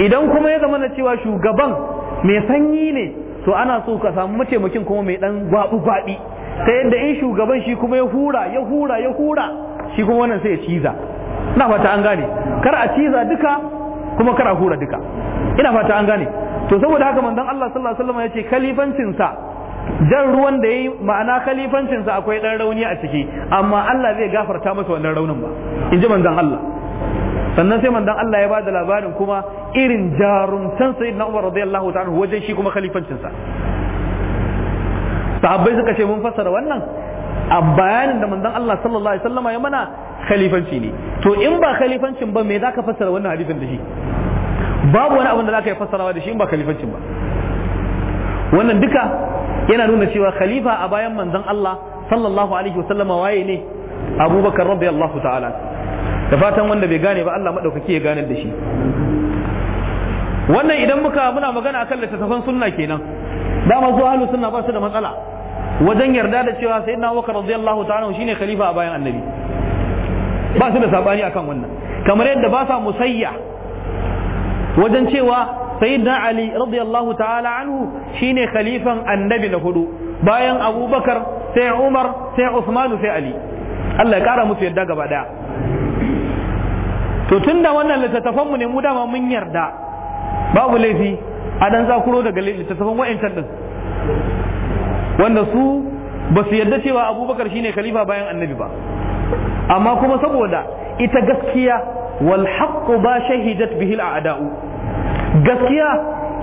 idan kuma ya zama na cewa shugaban mai sanyi ne to ana so ka samu mataimakin kuma mai dan gwabu gwabi ta yadda in shugaban shi kuma ya hura ya hura ya hura shi kuma wannan sai ya ciza ina fata an gane kar a ciza duka kuma kar a hura duka ina fata an gane to saboda haka manzon Allah sallallahu alaihi wasallam ya ce kalifancin sa jan ruwan da ya yi ma'ana khalifancinsa akwai ɗan rauni a ciki amma Allah zai gafarta masa wannan raunin ba In ji manzon Allah sannan sai manzon Allah ya ba bada labarin kuma irin jarumtan na Umar radiyallahu ta'ala wajen shi kuma khalifancinsa sahabbai suka ce mun fassara wannan a bayanin da manzon Allah sallallahu alaihi wasallama ya mana khalifanci ne to in ba khalifancin ba me zaka fassara wannan hadisin da shi babu wani abin da zaka fassara fassarawa da shi in ba khalifancin ba wannan duka yana nuna cewa khalifa a bayan manzon Allah sallallahu alaihi wasallam waye ne abubakar radiyallahu ta'ala da fatan wanda bai gane ba Allah madaukaki ya ganar da shi wannan idan muka muna magana akan littattafan sunna kenan dama su ahlus sunna ba su da matsala wajen yarda da cewa sayyidina Abubakar radiyallahu ta'ala shine khalifa a bayan annabi ba su da sabani akan wannan kamar yadda ba sa musayya wajen cewa sayyidina ali radiyallahu ta'ala anhu shine khalifan annabi na hudu bayan abubakar sai umar sai usmanu sai ali Allah ya kara musu yadda gaba daya to tunda wannan littattafan mu ne mu dama mun yarda babu laifi a dan zakuro daga littattafan wa'ancan din wanda su ba su yarda cewa abubakar shine khalifa bayan annabi ba amma kuma saboda ita gaskiya wal haqqu ba shahidat bihi al a'da'u gaskiya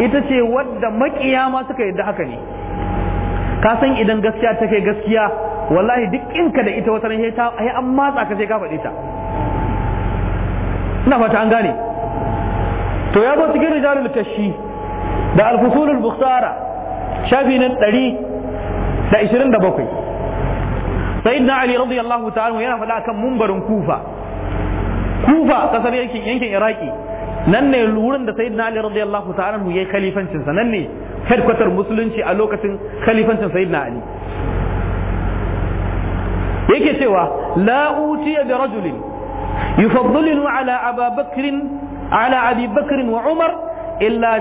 ita ce wadda ma suka yadda haka ne ka san idan gaskiya take gaskiya wallahi duk inka da ita wata ne ta ai an matsa ka sai ka faɗi ta ina fata an gane to ya zo cikin rijalul kashi da alfusulul bukhara shafi nan ɗari da ishirin da bakwai sayyidina ali radiyallahu ta'ala yana faɗa kan mumbarin kufa kufa kasar yankin yankin iraki nan ne wurin da sayyidina ali radiyallahu ta'ala anhu yayi khalifancin sa nan ne headquarter musulunci a lokacin khalifancin sayyidina ali yake cewa la utiya bi rajulin yufaddalu ala aba bakrin ala abi bakrin wa umar illa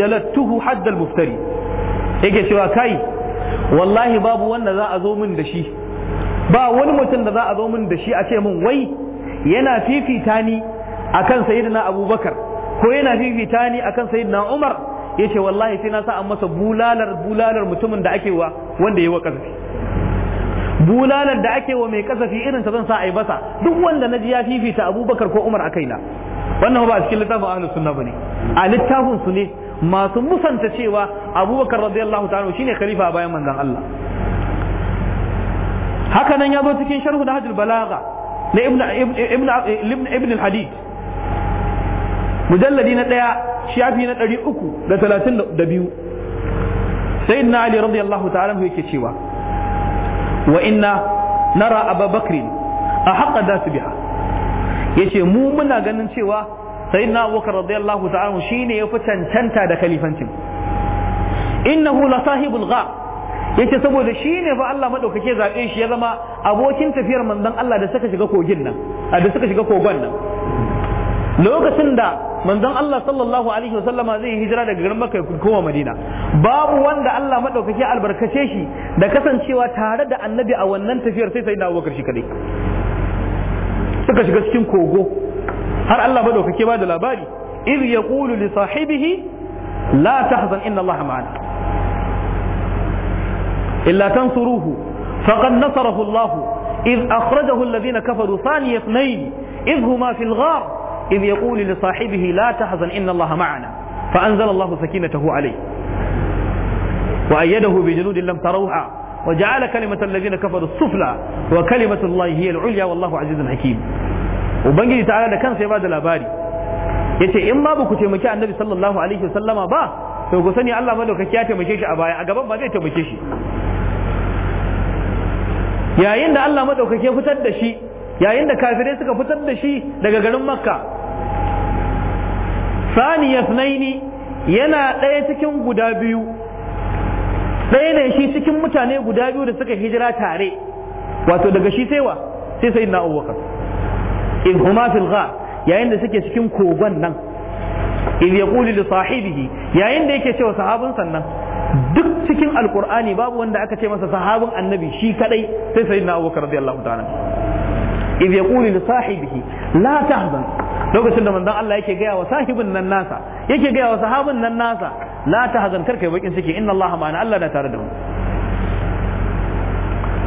jalattuhu hadd al muftari yake cewa kai wallahi babu wanda za a zo min da shi ba wani mutum da za a zo min da shi a ce min wai yana fifita ni akan sayyidina abubakar ko yana fifita ni akan sayyidina umar yace wallahi sai na sa an masa bulalar bulalar mutumin da ake wa wanda yayi wa kasafi bulalar da ake wa mai kasafi irin sa zan sa ai basa duk wanda naji ya fifita abubakar ko umar akai na wannan ba a cikin littafin ahlus sunna bane a littafin su ne masu musanta cewa abubakar radiyallahu ta'ala shine khalifa bayan manzon Allah haka nan ya zo cikin sharhu da hajjul balaga na ibn ibn ibn al-hadid mujalladi na ɗaya shafi na ɗari uku da talatin da biyu sai na ali radiyallahu ta'ala yake cewa wa inna nara abu bakrin a haƙa da su biya ya ce mu muna ganin cewa sai na abubakar radiyallahu ta'ala shi ne ya fi cancanta da kalifancin innahu la sahibul gha yace saboda shi ne fa Allah madaukake zaɓe shi ya zama abokin tafiyar manzon Allah da suka shiga shiga kogon nan lokacin da manzon Allah sallallahu alaihi wasallam zai yi hijira daga garin Makka ya koma Madina babu wanda Allah madaukaki albarkace shi da kasancewa tare da annabi a wannan tafiyar sai sai na Abubakar shi kadai suka shiga cikin kogo har Allah madaukaki ba da labari idh yaqulu li sahibihi la tahzan inna Allah ma'ana illa tansuruhu faqad nasarahu Allah إذ أخرجه الذين كفروا ثاني اثنين إذ هما في الغار إذ يقول لصاحبه لا تحزن إن الله معنا فأنزل الله سكينته عليه وأيده بجنود لم تروها وجعل كلمة الذين كفروا السفلى وكلمة الله هي العليا والله عزيز حكيم وبنجي تعالى ده كان سيباد الأباري yace in ma ba ku taimaki annabi sallallahu alaihi wasallama ba to ku sani Allah madaukaki ya taimake shi a baya a gaban ba zai taimake shi yayin da Allah ya fitar da shi yayin da kafirai suka fitar da shi daga garin makka sani ya yana ɗaya cikin guda biyu ɗaya ne shi cikin mutane guda biyu da suka hijira tare wato daga shi sai wa sai sai na abubakar in huma fil gha yayin da suke cikin kogon nan in ya kuli da sahibihi yayin da yake cewa sahabin sannan duk cikin alkur'ani babu wanda aka ce masa sahabin annabi shi kadai sai sai na abubakar radiyallahu ta'ala in ya kuli da sahibihi la tahzan lokacin da manzon Allah yake gaya wa sahibin nan nasa yake gaya wa sahabin nan nasa la ta hazan karka bakin ciki inna Allah ma'ana Allah na tare da mu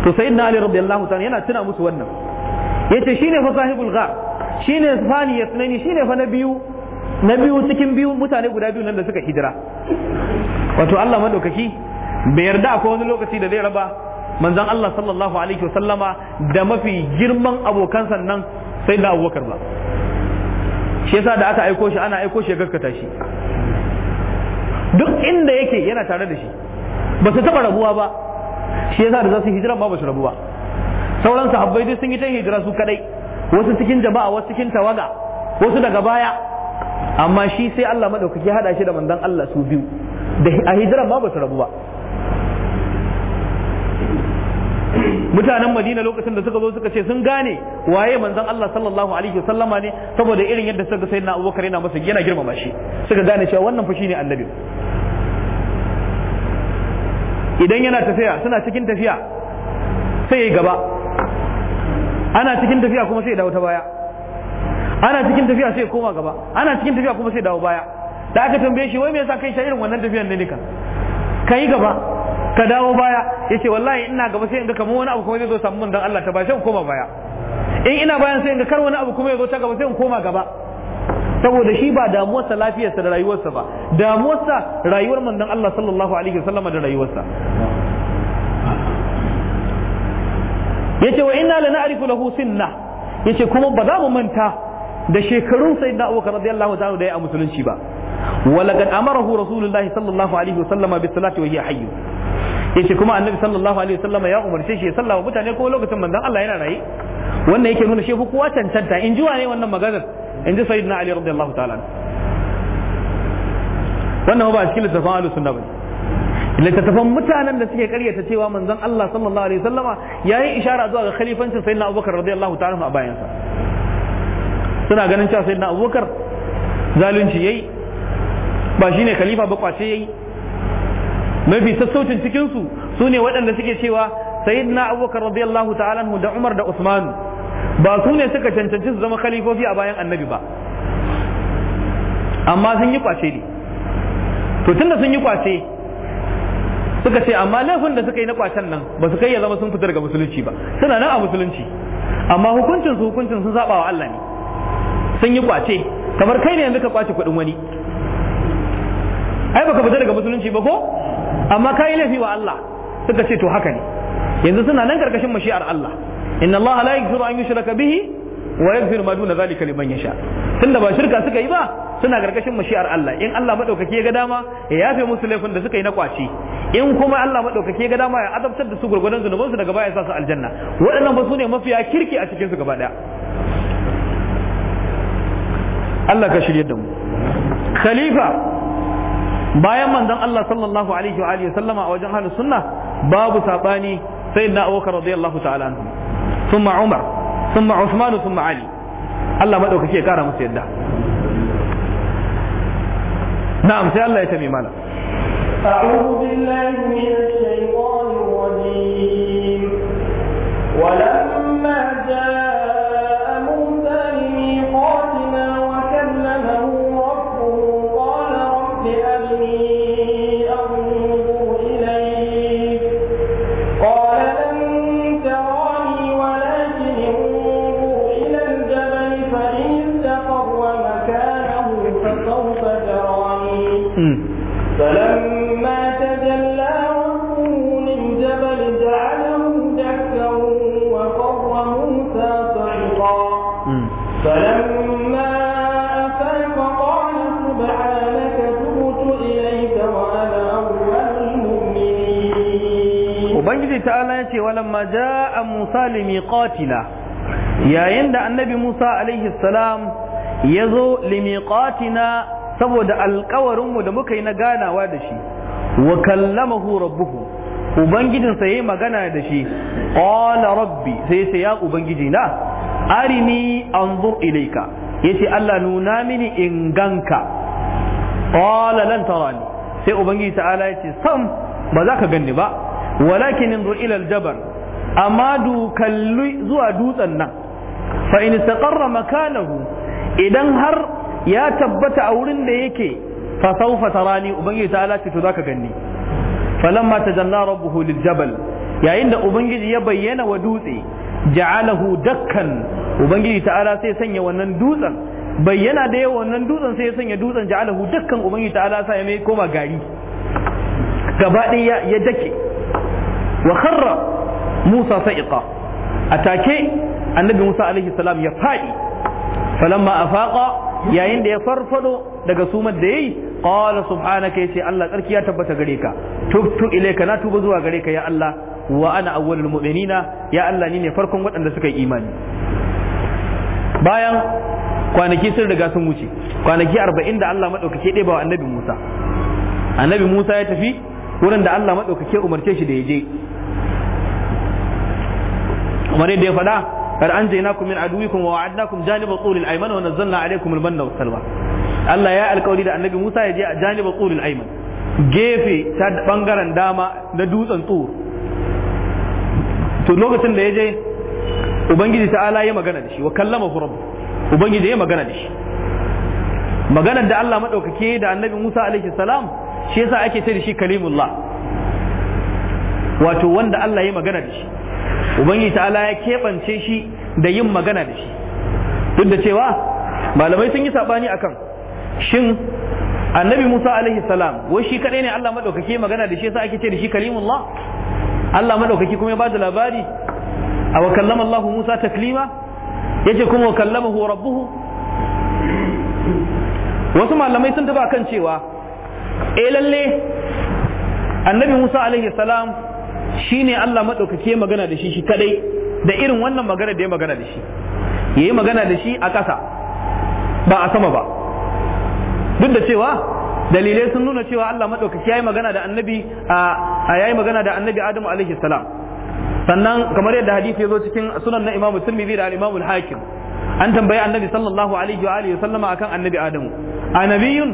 to sayyidina Ali radiyallahu ta'ala yana tuna musu wannan yace shine fa sahibul ghar shine fani yasnani shine fa na biyu na biyu cikin biyu mutane guda biyu nan da suka hijira wato Allah madaukaki bai yarda akwai wani lokaci da zai raba manzon Allah sallallahu alaihi wa sallama da mafi girman abokansa nan sai da Abubakar ba shi yasa da aka aiko shi ana aiko shi ya gaskata shi duk inda yake yana tare da shi ba su taba rabuwa ba shi yasa da za su hijira ba ba su rabuwa sauran sahabbai duk sun yi ta hijira su kadai wasu cikin jama'a wasu cikin tawaga wasu daga baya amma shi sai Allah madaukaki hada shi da manzon Allah su biyu da a hijira ba su rabu ba mutanen madina lokacin da suka zo suka ce sun gane waye manzon Allah sallallahu alaihi wasallama ne saboda irin yadda suka sayyidina Abubakar yana masa yana girmama shi suka gane cewa wannan fa shine annabi idan yana tafiya suna cikin tafiya sai ya gaba ana cikin tafiya kuma sai ya dawo ta baya ana cikin tafiya sai ya koma gaba ana cikin tafiya kuma sai ya dawo baya da aka tambaye shi wai me yasa kai sha irin wannan tafiyan ne nika kai gaba ka dawo baya yace wallahi ina gaba sai in ga kamar wani abu kuma zai zo samu mun dan Allah ta ba sai in koma baya in ina bayan sai in ga kar wani abu kuma ya zo ta gaba sai in koma gaba saboda shi ba damuwarsa lafiyarsa da rayuwarsa ba damuwarsa rayuwar manzon Allah sallallahu alaihi wasallama da rayuwarsa yace wa inna lana'rifu lahu sinna yace kuma ba za mu manta da shekarun sayyidina abubakar radiyallahu ta'ala da ya musulunci ba ولقد امره رسول الله صلى الله عليه وسلم بالصلاه وهي حي yace kuma annabi sallallahu alaihi wasallam ya umarce shi ya sallama mutane ko lokacin manzon Allah yana raye wannan yake nuna shehu kowa cancanta in ji wane wannan maganar in ji sayyidina ali radiyallahu ta'ala wannan ba a cikin littafin ahlus sunna bane littattafan mutanen da suke karyata cewa manzon Allah sallallahu alaihi wasallama yayi ishara zuwa ga khalifancin sayyidina Abubakar radiyallahu ta'ala a bayansa suna ganin cewa na abubakar zalunci yayi ba shine khalifa ba kwace yayi mafi sassaucin cikin su ne waɗanda suke cewa sayyidina abubakar radiyallahu ta'ala da umar da usman ba su ne suka cancanci su zama khalifofi a bayan annabi ba amma sun yi kwace ne to tunda sun yi kwace suka ce amma laifin da suka yi na kwacen nan ba su kai ya zama sun fita daga musulunci ba suna nan a musulunci amma hukuncin su hukuncin sun saba wa Allah ne sun yi kwace kamar kai ne yanzu ka kwace kuɗin wani ai baka fita daga musulunci ba ko amma ka yi laifi wa Allah suka ce to haka ne yanzu suna nan karkashin mashi'ar Allah inna Allah la yaghfiru an yushraka bihi wa yaghfiru ma duna zalika liman yasha tunda ba shirka suka yi ba suna karkashin mashi'ar Allah in Allah madaukake ya ga dama ya yafe musu laifin da suka yi na kwaci in kuma Allah madaukake ya ga dama ya azabtar da su gurgurdan zunubansu daga baya sa su aljanna waɗannan ba su ne mafiya kirki a cikin su gaba daya Allah ka shirye da mu khalifa bayan manzon Allah sallallahu alaihi wa alihi sallama a wajen ahlus sunna babu sabani sai na Abubakar radiyallahu ta'ala anhu thumma Umar thumma Uthman thumma Ali Allah madaukake ya kara musu yadda na'am sai Allah ya tabi mana أعوذ بالله من الشيطان الرجيم ولما بشرني فلما تجلى ربه للجبل جعله دكا وقر موسى صعقا فلما أفاق قال سبحانك تبت إليك وأنا أول المؤمنين وبنجد تعالى يتي ولما جاء موسى لميقاتنا yayin da annabi Musa alaihi salam ya zo limiƙatina saboda alkawarinmu da muka yi na ganawa da shi wa kallamahu rabbuhu ubangijinsa yi magana da shi qala rabbi sai sai ya ubangiji na arini anzur ya yace Allah nuna mini in ganka qala lan tarani sai ubangiji ta'ala ce sam ba za ka ganni ba walakin inzur ila jabar amma du kalli zuwa dutsen nan fa in istaqarra makanahu idan har ya tabbata a wurin da yake fa sawfa tarani ubangiji ta ala ce to zaka ganni falamma tajalla rabbuhu lil jabal yayin da ubangiji ya bayyana wa dutse ja'alahu dakkan ubangiji ta ala sai sanya wannan dutsen bayyana da yawa wannan dutsen sai ya sanya dutsen ja'alahu dakkan ubangiji ta ala sai ya mai koma gari gaba ɗaya ya dake wa kharra musa sa'iqa atake annabi musa alaihi salam ya fadi falamma afaqa yayin da ya farfado daga sumar da yayi qala subhanaka yace Allah tsarki ya tabbata gare ka tubtu ka na tuba zuwa gare ka ya Allah wa ana awwalul mu'minina ya Allah ni ne farkon waɗanda suka yi imani bayan kwanaki sun riga sun wuce kwanaki 40 da Allah madaukake ɗeba wa annabi Musa annabi Musa ya tafi wurin da Allah madaukake umarce shi da ya je kamar yadda ya faɗa قد أنجيناكم من عدوكم ووعدناكم جانب طول الأيمن ونزلنا عليكم المن والسلوى Allah ya alkawari da annabi Musa ya je a janibin tsuril aiman gefe ta bangaren dama na dutsen tsur to lokacin da ya je ubangiji ta'ala ya magana da shi ubangiji ya magana da shi maganar da Allah madaukake da annabi Musa alaihi salam shi yasa ake ce da shi kalimullah wato wanda Allah ya magana da shi ubangiji ta'ala ya keɓance shi da yin magana da shi duk da cewa malamai sun yi saɓani akan shin annabi musa alaihi salam wai shi kaɗai ne allah maɗaukaki magana da shi sa ake ce da shi kalimullah allah maɗaukaki kuma ya ba da labari a wa kallama allahu musa taklima yace kuma wa kallamahu rabbuhu wasu malamai sun taba kan cewa eh lalle annabi musa alaihi salam Shi ne Allah madaukake ya magana da shi shi kadai da irin wannan magana da ya magana da shi Ya yi magana da shi a ƙasa ba a sama ba duk da cewa dalilai sun nuna cewa Allah maɗaukaki ya yi magana da annabi a yayi magana da annabi Adamu alaihi salam sannan kamar yadda hadisi ya zo cikin sunan na Imam Tirmidhi da Imam Al-Hakim an tambayi annabi sallallahu alaihi wa sallama akan annabi Adamu a nabiyun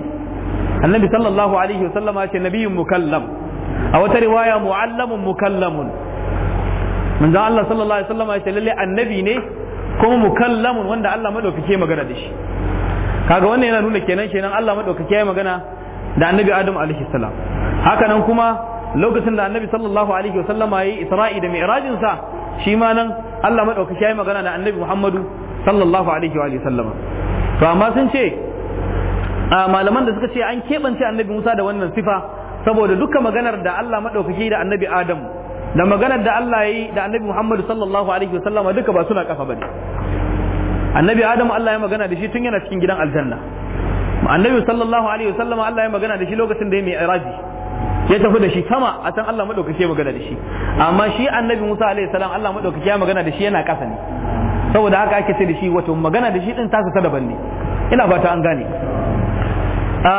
annabi sallallahu alaihi wa sallama ce nabiyyun mukallam a wata riwaya mu'allamun mukallamun manzo Allah sallallahu alaihi wasallam ya ce lalle annabi ne kuma mukallamun wanda Allah madaukake magana da shi kaga wannan yana nuna kenan kenan Allah madaukake ya magana da annabi Adam alaihi salam haka nan kuma lokacin da annabi sallallahu alaihi wasallam yayi Isra'i da Mi'rajin sa shi ma nan Allah madaukake ya magana da annabi Muhammadu sallallahu alaihi wa sallama to amma sun ce malaman da suka ce an keɓance annabi Musa da wannan sifa saboda duka maganar da Allah maɗaukaki da annabi Adam da maganar da Allah yi da annabi Muhammadu sallallahu alaihi wasallam duka ba suna kafa bane annabi Adam Allah ya magana da shi tun yana cikin gidan aljanna annabi sallallahu alaihi wasallam Allah ya magana da shi lokacin da ya mai iraji ya tafi da shi sama a can Allah maɗaukaki ya magana da shi amma shi annabi Musa alaihi salam Allah maɗaukaki ya magana da shi yana ƙasa ne saboda haka ake ce da shi wato magana da shi din ta ta daban ne ina fata an gane a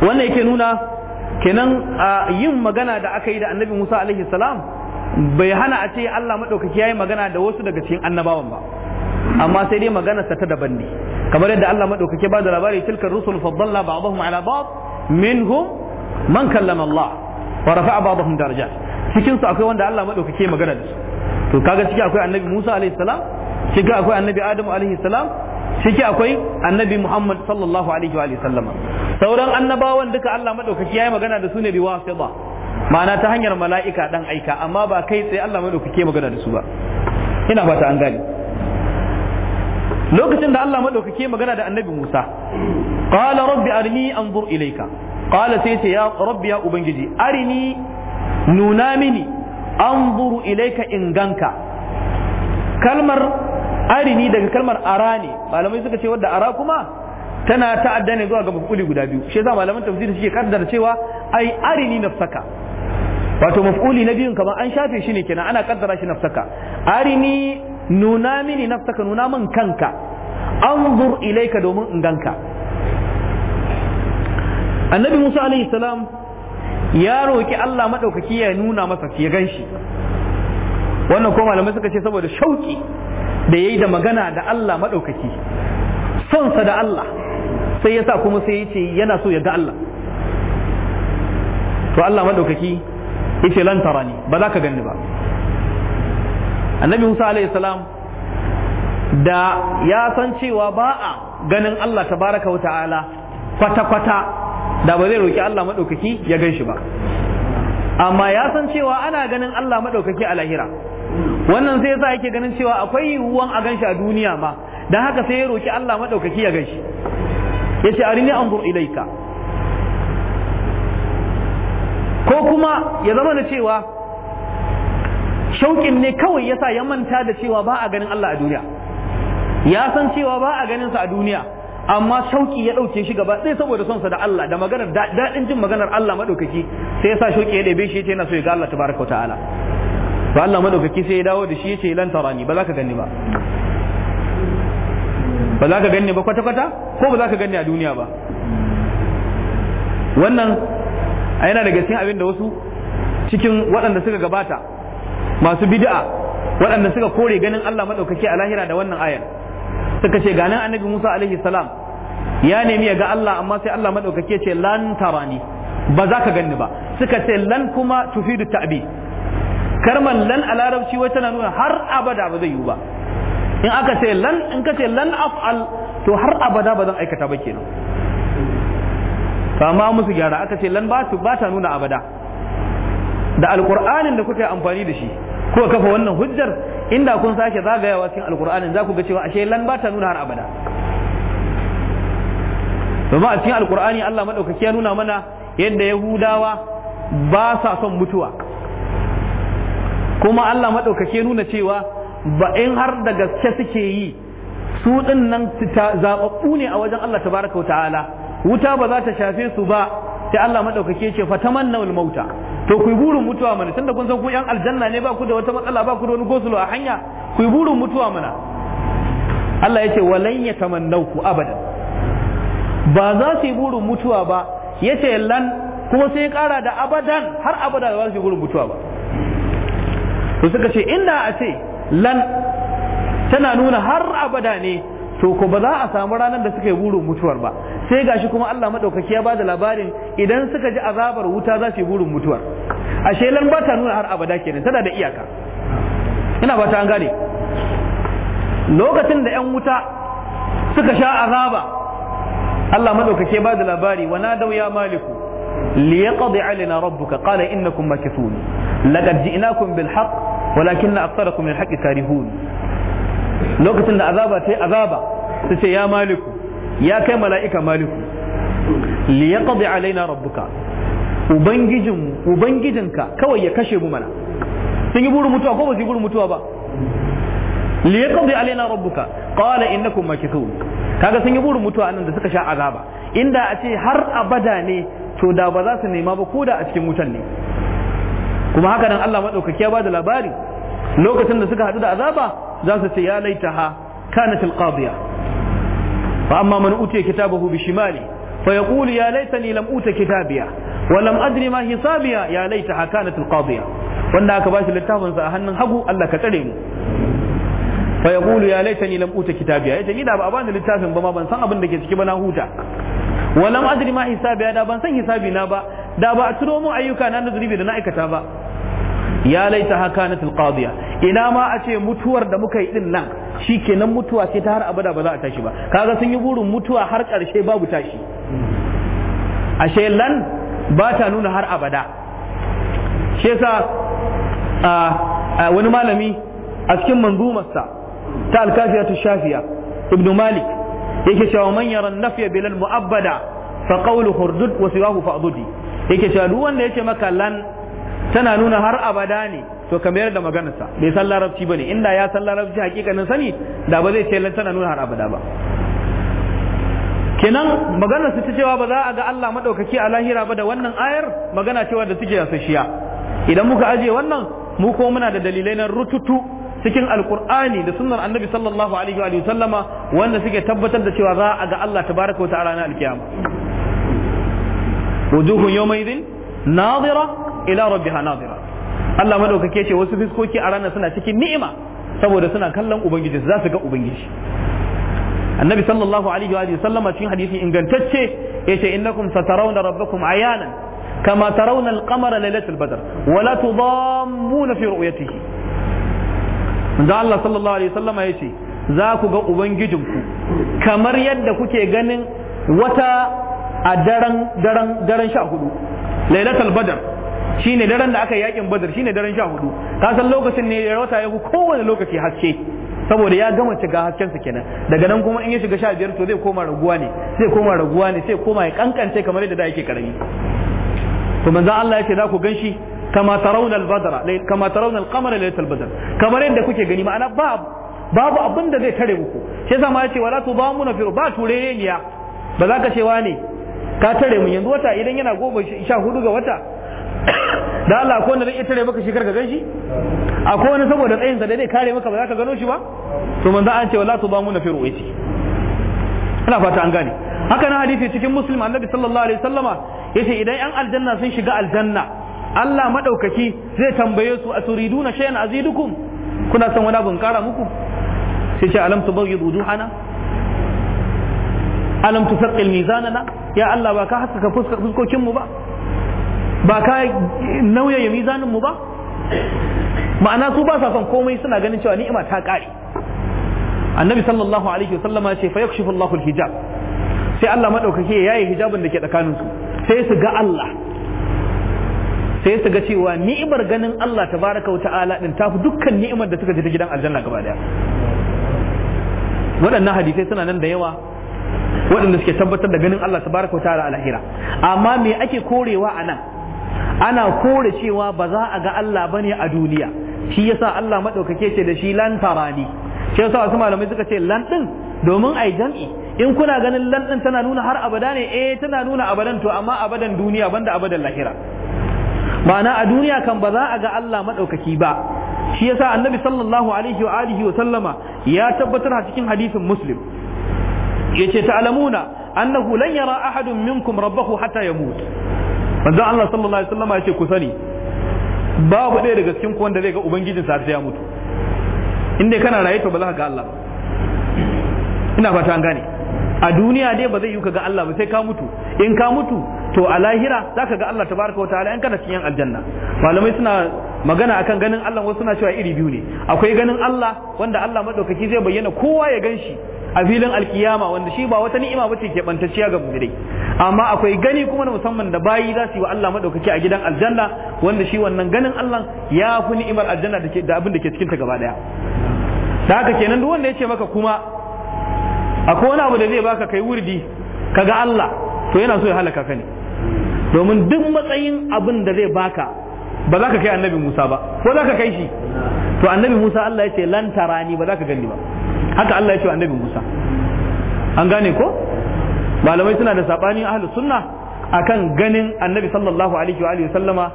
wannan yake nuna kenan yin magana da aka yi da annabi Musa alaihi salam bai hana a ce Allah maɗaukaki ya yi magana da wasu daga cikin annabawan ba amma sai dai maganarsa ta daban ne kamar yadda Allah maɗaukaki ba da labari tilkar rusul faddalla ba'dahum ala ba'd minhum man kallama Allah wa rafa'a ba'dahum darajat cikin su akwai wanda Allah maɗaukaki ya magana da su to kaga ciki akwai annabi Musa alaihi salam ciki akwai annabi Adamu alaihi salam ciki akwai annabi Muhammad sallallahu alaihi wa sallama sauran annabawan duka Allah madaukaki yayi magana da su ne biwasita ma'ana ta hanyar mala'ika dan aika amma ba kai tsaye Allah madaukaki magana da su ba ina fata an gane lokacin da Allah madaukaki magana da annabi Musa qala rabbi arini anzur ilayka qala sai ce ya rabbi ya ubangiji arini nuna mini anzuru ilayka in ganka kalmar arini daga kalmar ara ne malamai suka ce wadda ara kuma tana ta'adda ne zuwa ga maf'uli guda biyu shi yasa malaman tafsiri suke kaddara cewa ai arini nafsaka wato maf'uli na biyun kamar an shafe shi ne kenan ana kaddara shi nafsaka arini nuna mini nafsaka nuna min kanka anzur ilaika domin in ganka annabi musa alaihi salam ya roki allah maɗaukaki ya nuna masa ya gan shi wannan ko malamai suka ce saboda shauki da yayi da magana da Allah madaukaki sonsa da Allah sai ya sa kuma sai yace yana so ya ga Allah to Allah madaukaki yace lan tarani ba za ka ganni ba annabi Musa alaihi salam da ya san cewa ba a ganin Allah tabaraka wa ta'ala kwata-kwata da ba zai roki Allah madaukaki ya gan shi ba amma ya san cewa ana ganin Allah maɗaukaki a lahira wannan sai yasa yake ganin cewa akwai yiwuwan a ganshi a duniya ma dan haka sai ya roki Allah maɗaukaki ya ganshi yace arini anzur ilaika ko kuma ya zama da cewa shauƙin ne kawai yasa ya manta da cewa ba a ganin Allah a duniya ya san cewa ba a ganin sa a duniya amma shauki ya ɗauke shi gaba ɗaya saboda sonsa da Allah da maganar daɗin jin maganar Allah maɗaukaki sai ya sa shauki ya ɗebe shi ya ce yana so ya ga Allah tabaraka wa ta'ala to Allah maɗaukaki sai ya dawo da shi ya ce lan tarani ba za ka ganni ba ba za ka ganni ba kwata kwata ko ba za ka ganni a duniya ba wannan yana daga cikin abin da wasu cikin waɗanda suka gabata masu bid'a waɗanda suka kore ganin Allah maɗaukaki a lahira da wannan ayar suka ce ganin annabi Musa alaihi salam ya nemi ya ga Allah amma sai Allah madaukake ce lan tarani ba za ka ganni ba suka ce lan kuma tufidu ta'bi karman lan a larabci wai tana nuna har abada ba zai yiwu ba in aka ce lan in ka ce lan af'al to har abada ba zan aikata ba kenan amma musu gyara aka ce lan ba ta nuna abada da alqur'anin da kuka yi amfani da shi kuka kafa wannan hujjar inda kun sake zagayawa cikin alkur'anin za ku ga cewa ashe lan ba ta nuna har abada domin a cikin alkur'ani Allah madaukaki ya nuna mana yadda yahudawa ba sa son mutuwa kuma Allah madaukaki ya nuna cewa ba in har da gaske suke yi su din nan zaɓaɓɓu ne a wajen Allah tabaraka wa ta'ala wuta ba za ta shafe su ba sai Allah madaukake ce fatamannawul mauta to ku burin mutuwa mana tunda kun san ku yan aljanna ne ba ku da wata matsala ba ku da wani gosulo a hanya ku burin mutuwa mana Allah yace walan yatamannawku abadan ba za su yi burin mutuwa ba yace lan kuma sai ya kara da abadan har abada ba za su yi burin mutuwa ba to suka ce inda a ce lan tana nuna har abada ne to ko ba za a samu ranar da suka yi burin mutuwar ba sai gashi kuma Allah madaukaki ya bada labarin idan suka ji azabar wuta za su yi burin mutuwar a lan ba ta nuna har abada kenan tana da iyaka ina ba ta an gane lokacin da yan wuta suka sha azaba Allah madaukaki ya bada labari wa nadaw ya maliku liyaqdi alaina rabbuka qala innakum makithun laqad ji'nakum bil haqq ولكن أكثركم من الحق كارهون lokacin da azaba ta yi azaba su ce ya maliku ya kai mala'ika maliku li ya alaina rabbuka ubangijin ubangijinka kawai ya kashe mu mana sun yi burin mutuwa ko ba su yi burin mutuwa ba li ya alaina rabbuka kuma ke makithun kaga sun yi burin mutuwa nan da suka sha azaba inda a ce har abada ne to da ba za su nema ba ko da a cikin wutan ne kuma haka nan Allah madaukaki ya ba da labari lokacin da suka haɗu da azaba za su ce ya laita laitaha kanat alqadiya fa amma man utiya kitabahu bi shimali fa yaqulu ya laitani lam uta kitabiya wa lam adri ma hisabiya ya laita laitaha kanat alqadiya wanda aka bashi littafin sa a hannun hagu Allah ka tsare mu fa yaqulu ya laitani lam uta kitabiya yace ni da ba a bani littafin ba ma ban san abin da ke ciki ba na huta wa lam adri ma hisabiya da ban san hisabi na ba da ba a turo mu ayyuka na nazuri da na aikata ba ya laita haka na tilqadiya ina ma a ce mutuwar da muka yi din nan kenan mutuwa ce ta har abada ba za a tashi ba kaga sun yi burin mutuwa har karshe babu tashi A lan ba ta nuna har abada shi yasa wani malami a cikin manzumarsa ta alkafiyatu shafiya ibnu malik yake cewa man yara nafiya bilal mu'abbada fa qawluhu hurdud wa siwahu fa'dudi yake cewa duk wanda yake maka lan tana nuna har abada ne to ka mayar da maganarsa bai san larabci ne inda ya san larabci hakikanin sani da ba zai ce tana nuna har abada ba kenan maganar su ta cewa ba za a ga Allah madaukaki a lahira ba da wannan ayar magana cewa da take yasashiya idan muka aje wannan mu ko muna da dalilai na rututu cikin Alƙur'ani da sunnar annabi sallallahu alaihi wa sallama wanda suke tabbatar da cewa za a ga Allah tabaraka wa ta'ala na alkiyama wujuhun yawma idhin nadira ila rabbiha nazira Allah madaukake ce wasu fiskoki a ranar suna cikin ni'ima saboda suna kallon ubangiji za su ga ubangiji annabi sallallahu alaihi wa sallama cikin hadisi ingantacce yace innakum satarawna rabbakum ayanan kama tarawna al-qamara lailatul badr wa la tudammuna fi ru'yatihi manzo Allah sallallahu alaihi wasallama yace za ku ga ubangijinku kamar yadda kuke ganin wata a daren daren daren 14 lailatul badr shine daren da aka yi yakin badar shine daren sha hudu ka san lokacin ne ya wata ya kowane lokaci haske saboda ya gama shiga haskensa kenan daga nan kuma in ya shiga sha biyar to zai koma raguwa ne zai koma raguwa ne sai koma ya kankance kamar yadda da yake karami to manzo Allah ya ce za ku ganshi kama tarawna al-badra kama tarawna al-qamara laylatul badr kamar yadda kuke gani ma'ana ba babu abin da zai tare muku sai zama ya ce wala tudamuna fi ba tureniya ba za ka cewa ne ka tare mu yanzu wata idan yana goma sha hudu ga wata *coughs* da Allah ko wanda zai iya tare maka shi kar ka gan shi akwai wani saboda tsayin sa da zai kare maka ba za ka gano shi ba to manzo an ce wala tudamuna fi ru'yati ina fata an gane haka na hadisi cikin muslim annabi sallallahu alaihi wasallama yace idan yan aljanna sun shiga aljanna Allah madaukaki zai tambaye su asuriduna shay'an azidukum kuna son wani abun kara muku sai ce alam tubayyid wujuhana alam tusaqqil mizanana ya Allah ba ka haska fuskokin mu ba ba ka nauyaya mizanin mu ba ma'ana su ba sa son komai suna ganin cewa ni'ima ta kare annabi sallallahu alaihi wasallama ce fa yakshifu Allahu hijab sai Allah madaukake yayi hijabin da ke tsakanin su sai su ga Allah sai su ga cewa ni'imar ganin Allah tabaraka wa ta'ala din tafi dukkan ni'imar da suka ji ta gidan aljanna gaba daya waɗannan hadisai suna nan da yawa waɗanda suke tabbatar da ganin Allah tabaraka wa ta'ala a lahira amma me ake korewa a nan ana kore cewa ba za a ga Allah bane a duniya shi yasa Allah madaukake ce da shi lan tarani shi sa wasu malamai suka ce lan din domin ai jam'i in kuna ganin lan din tana nuna har abada ne eh tana nuna abadan to amma abadan duniya banda abadan lahira ma'ana a duniya kan ba za a ga Allah madaukaki ba shi yasa annabi sallallahu alaihi wa alihi wa sallama ya tabbatar a cikin hadisin muslim yace ta'lamuna annahu lan yara ahadun minkum rabbahu hatta yamut manzo Allah sallallahu alaihi wasallam ya ce ku sani babu ɗaya daga cikin ku wanda zai ga ubangijin sa sai ya mutu inda kana raye to ba za ka ga Allah ina fata an gane a duniya dai ba zai yi ka ga Allah ba sai ka mutu in ka mutu to a lahira za ka ga Allah tabaraka wa ta'ala in kana cikin aljanna malamai suna magana akan ganin Allah wasu suna cewa iri biyu ne akwai ganin Allah wanda Allah madaukaki zai bayyana kowa ya gan shi a filin alkiyama wanda shi ba wata ni'ima bace ke bantacciya ga mu'minai amma akwai gani kuma na musamman da bayi za su yi wa Allah madaukaki a gidan aljanna wanda shi wannan ganin Allah ya fi ni'imar aljanna da da abin da ke cikin ta gaba daya da haka kenan duk wanda ya ce maka kuma akwai wani abu da zai baka kai wurdi kaga Allah to yana so ya halaka ka ne domin duk matsayin abin da zai baka ba za ka kai annabi Musa ba ko za ka kai shi to annabi Musa Allah ya ce lan tarani ba za ka gani ba haka Allah ya ce wa annabi Musa an gane ko malamai suna da sabani ahlus sunna akan ganin annabi sallallahu alaihi wa alihi sallama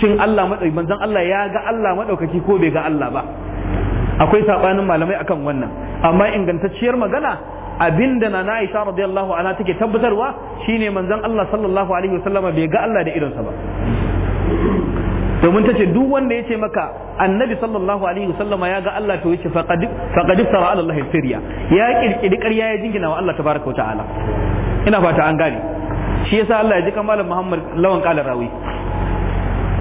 shin Allah madauki manzon Allah ya ga Allah madaukaki ko bai ga Allah ba akwai sabanin malamai akan wannan amma ingantacciyar magana abinda na na Aisha radiyallahu anha take tabbatarwa shine manzon Allah sallallahu alaihi wa sallama bai ga Allah da irinsa ba domin ta ce duk wanda ya ce maka annabi sallallahu alaihi wasallama ya ga Allah to yace faqad faqad sara ala Allah sirriya ya kirkiri ƙarya ya jingina wa Allah tabaraka wa ta'ala ina fata an gane shi yasa Allah ya ji malam Muhammad lawan qala rawi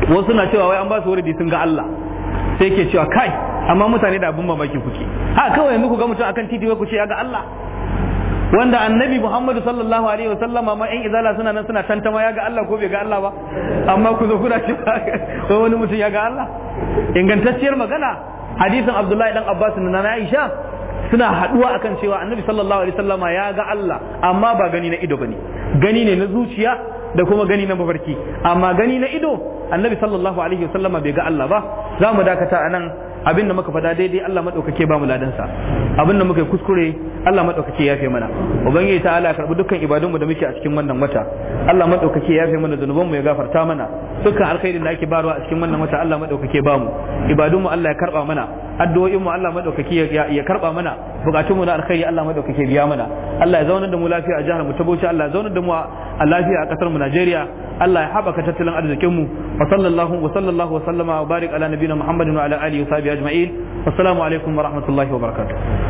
wasu na cewa wai an ba su wuri sun ga Allah sai ke cewa kai amma mutane da abun mamaki kuke ha kawai yanzu ku ga mutum akan titi wai ku ce ya ga Allah wanda annabi Muhammadu sallallahu alaihi wa sallama ma in izala suna nan suna tantama ya ga Allah ko bai ga Allah ba amma ku zo kuna cewa ko wani mutum ya ga Allah ingantacciyar magana hadisin Abdullahi dan Abbas na Aisha suna haduwa akan cewa annabi sallallahu alaihi sallama ya ga Allah amma ba gani na ido bane gani ne na zuciya da kuma gani na mafarki amma gani na ido annabi sallallahu alaihi sallama bai ga Allah ba za mu dakata anan abin da muka faɗa daidai Allah maɗaukake ba mu ladansa abin da muka yi kuskure Allah maɗaukake ya fi mana ubangiji ta Allah karɓi dukkan ibadunmu da muke a cikin wannan wata Allah maɗaukake ya fi mana zanubanmu ya gafarta mana dukkan alkhairin da ake barwa a cikin wannan wata Allah maɗaukake ba mu ibadunmu Allah ya karɓa mana addu'o'inmu Allah maɗaukake ya karɓa mana bukatunmu na alkhairi Allah maɗaukake biya mana Allah ya zaunar da mu lafiya a jihar mu ta Bauchi Allah ya zaunar da mu a lafiya a ƙasar mu Najeriya Allah ya haɓaka tattalin arzikinmu wa sallallahu wa sallama wa barik ala nabiyina Muhammadin wa ala alihi wa sahbihi ajma'in assalamu alaikum wa rahmatullahi wa barakatuh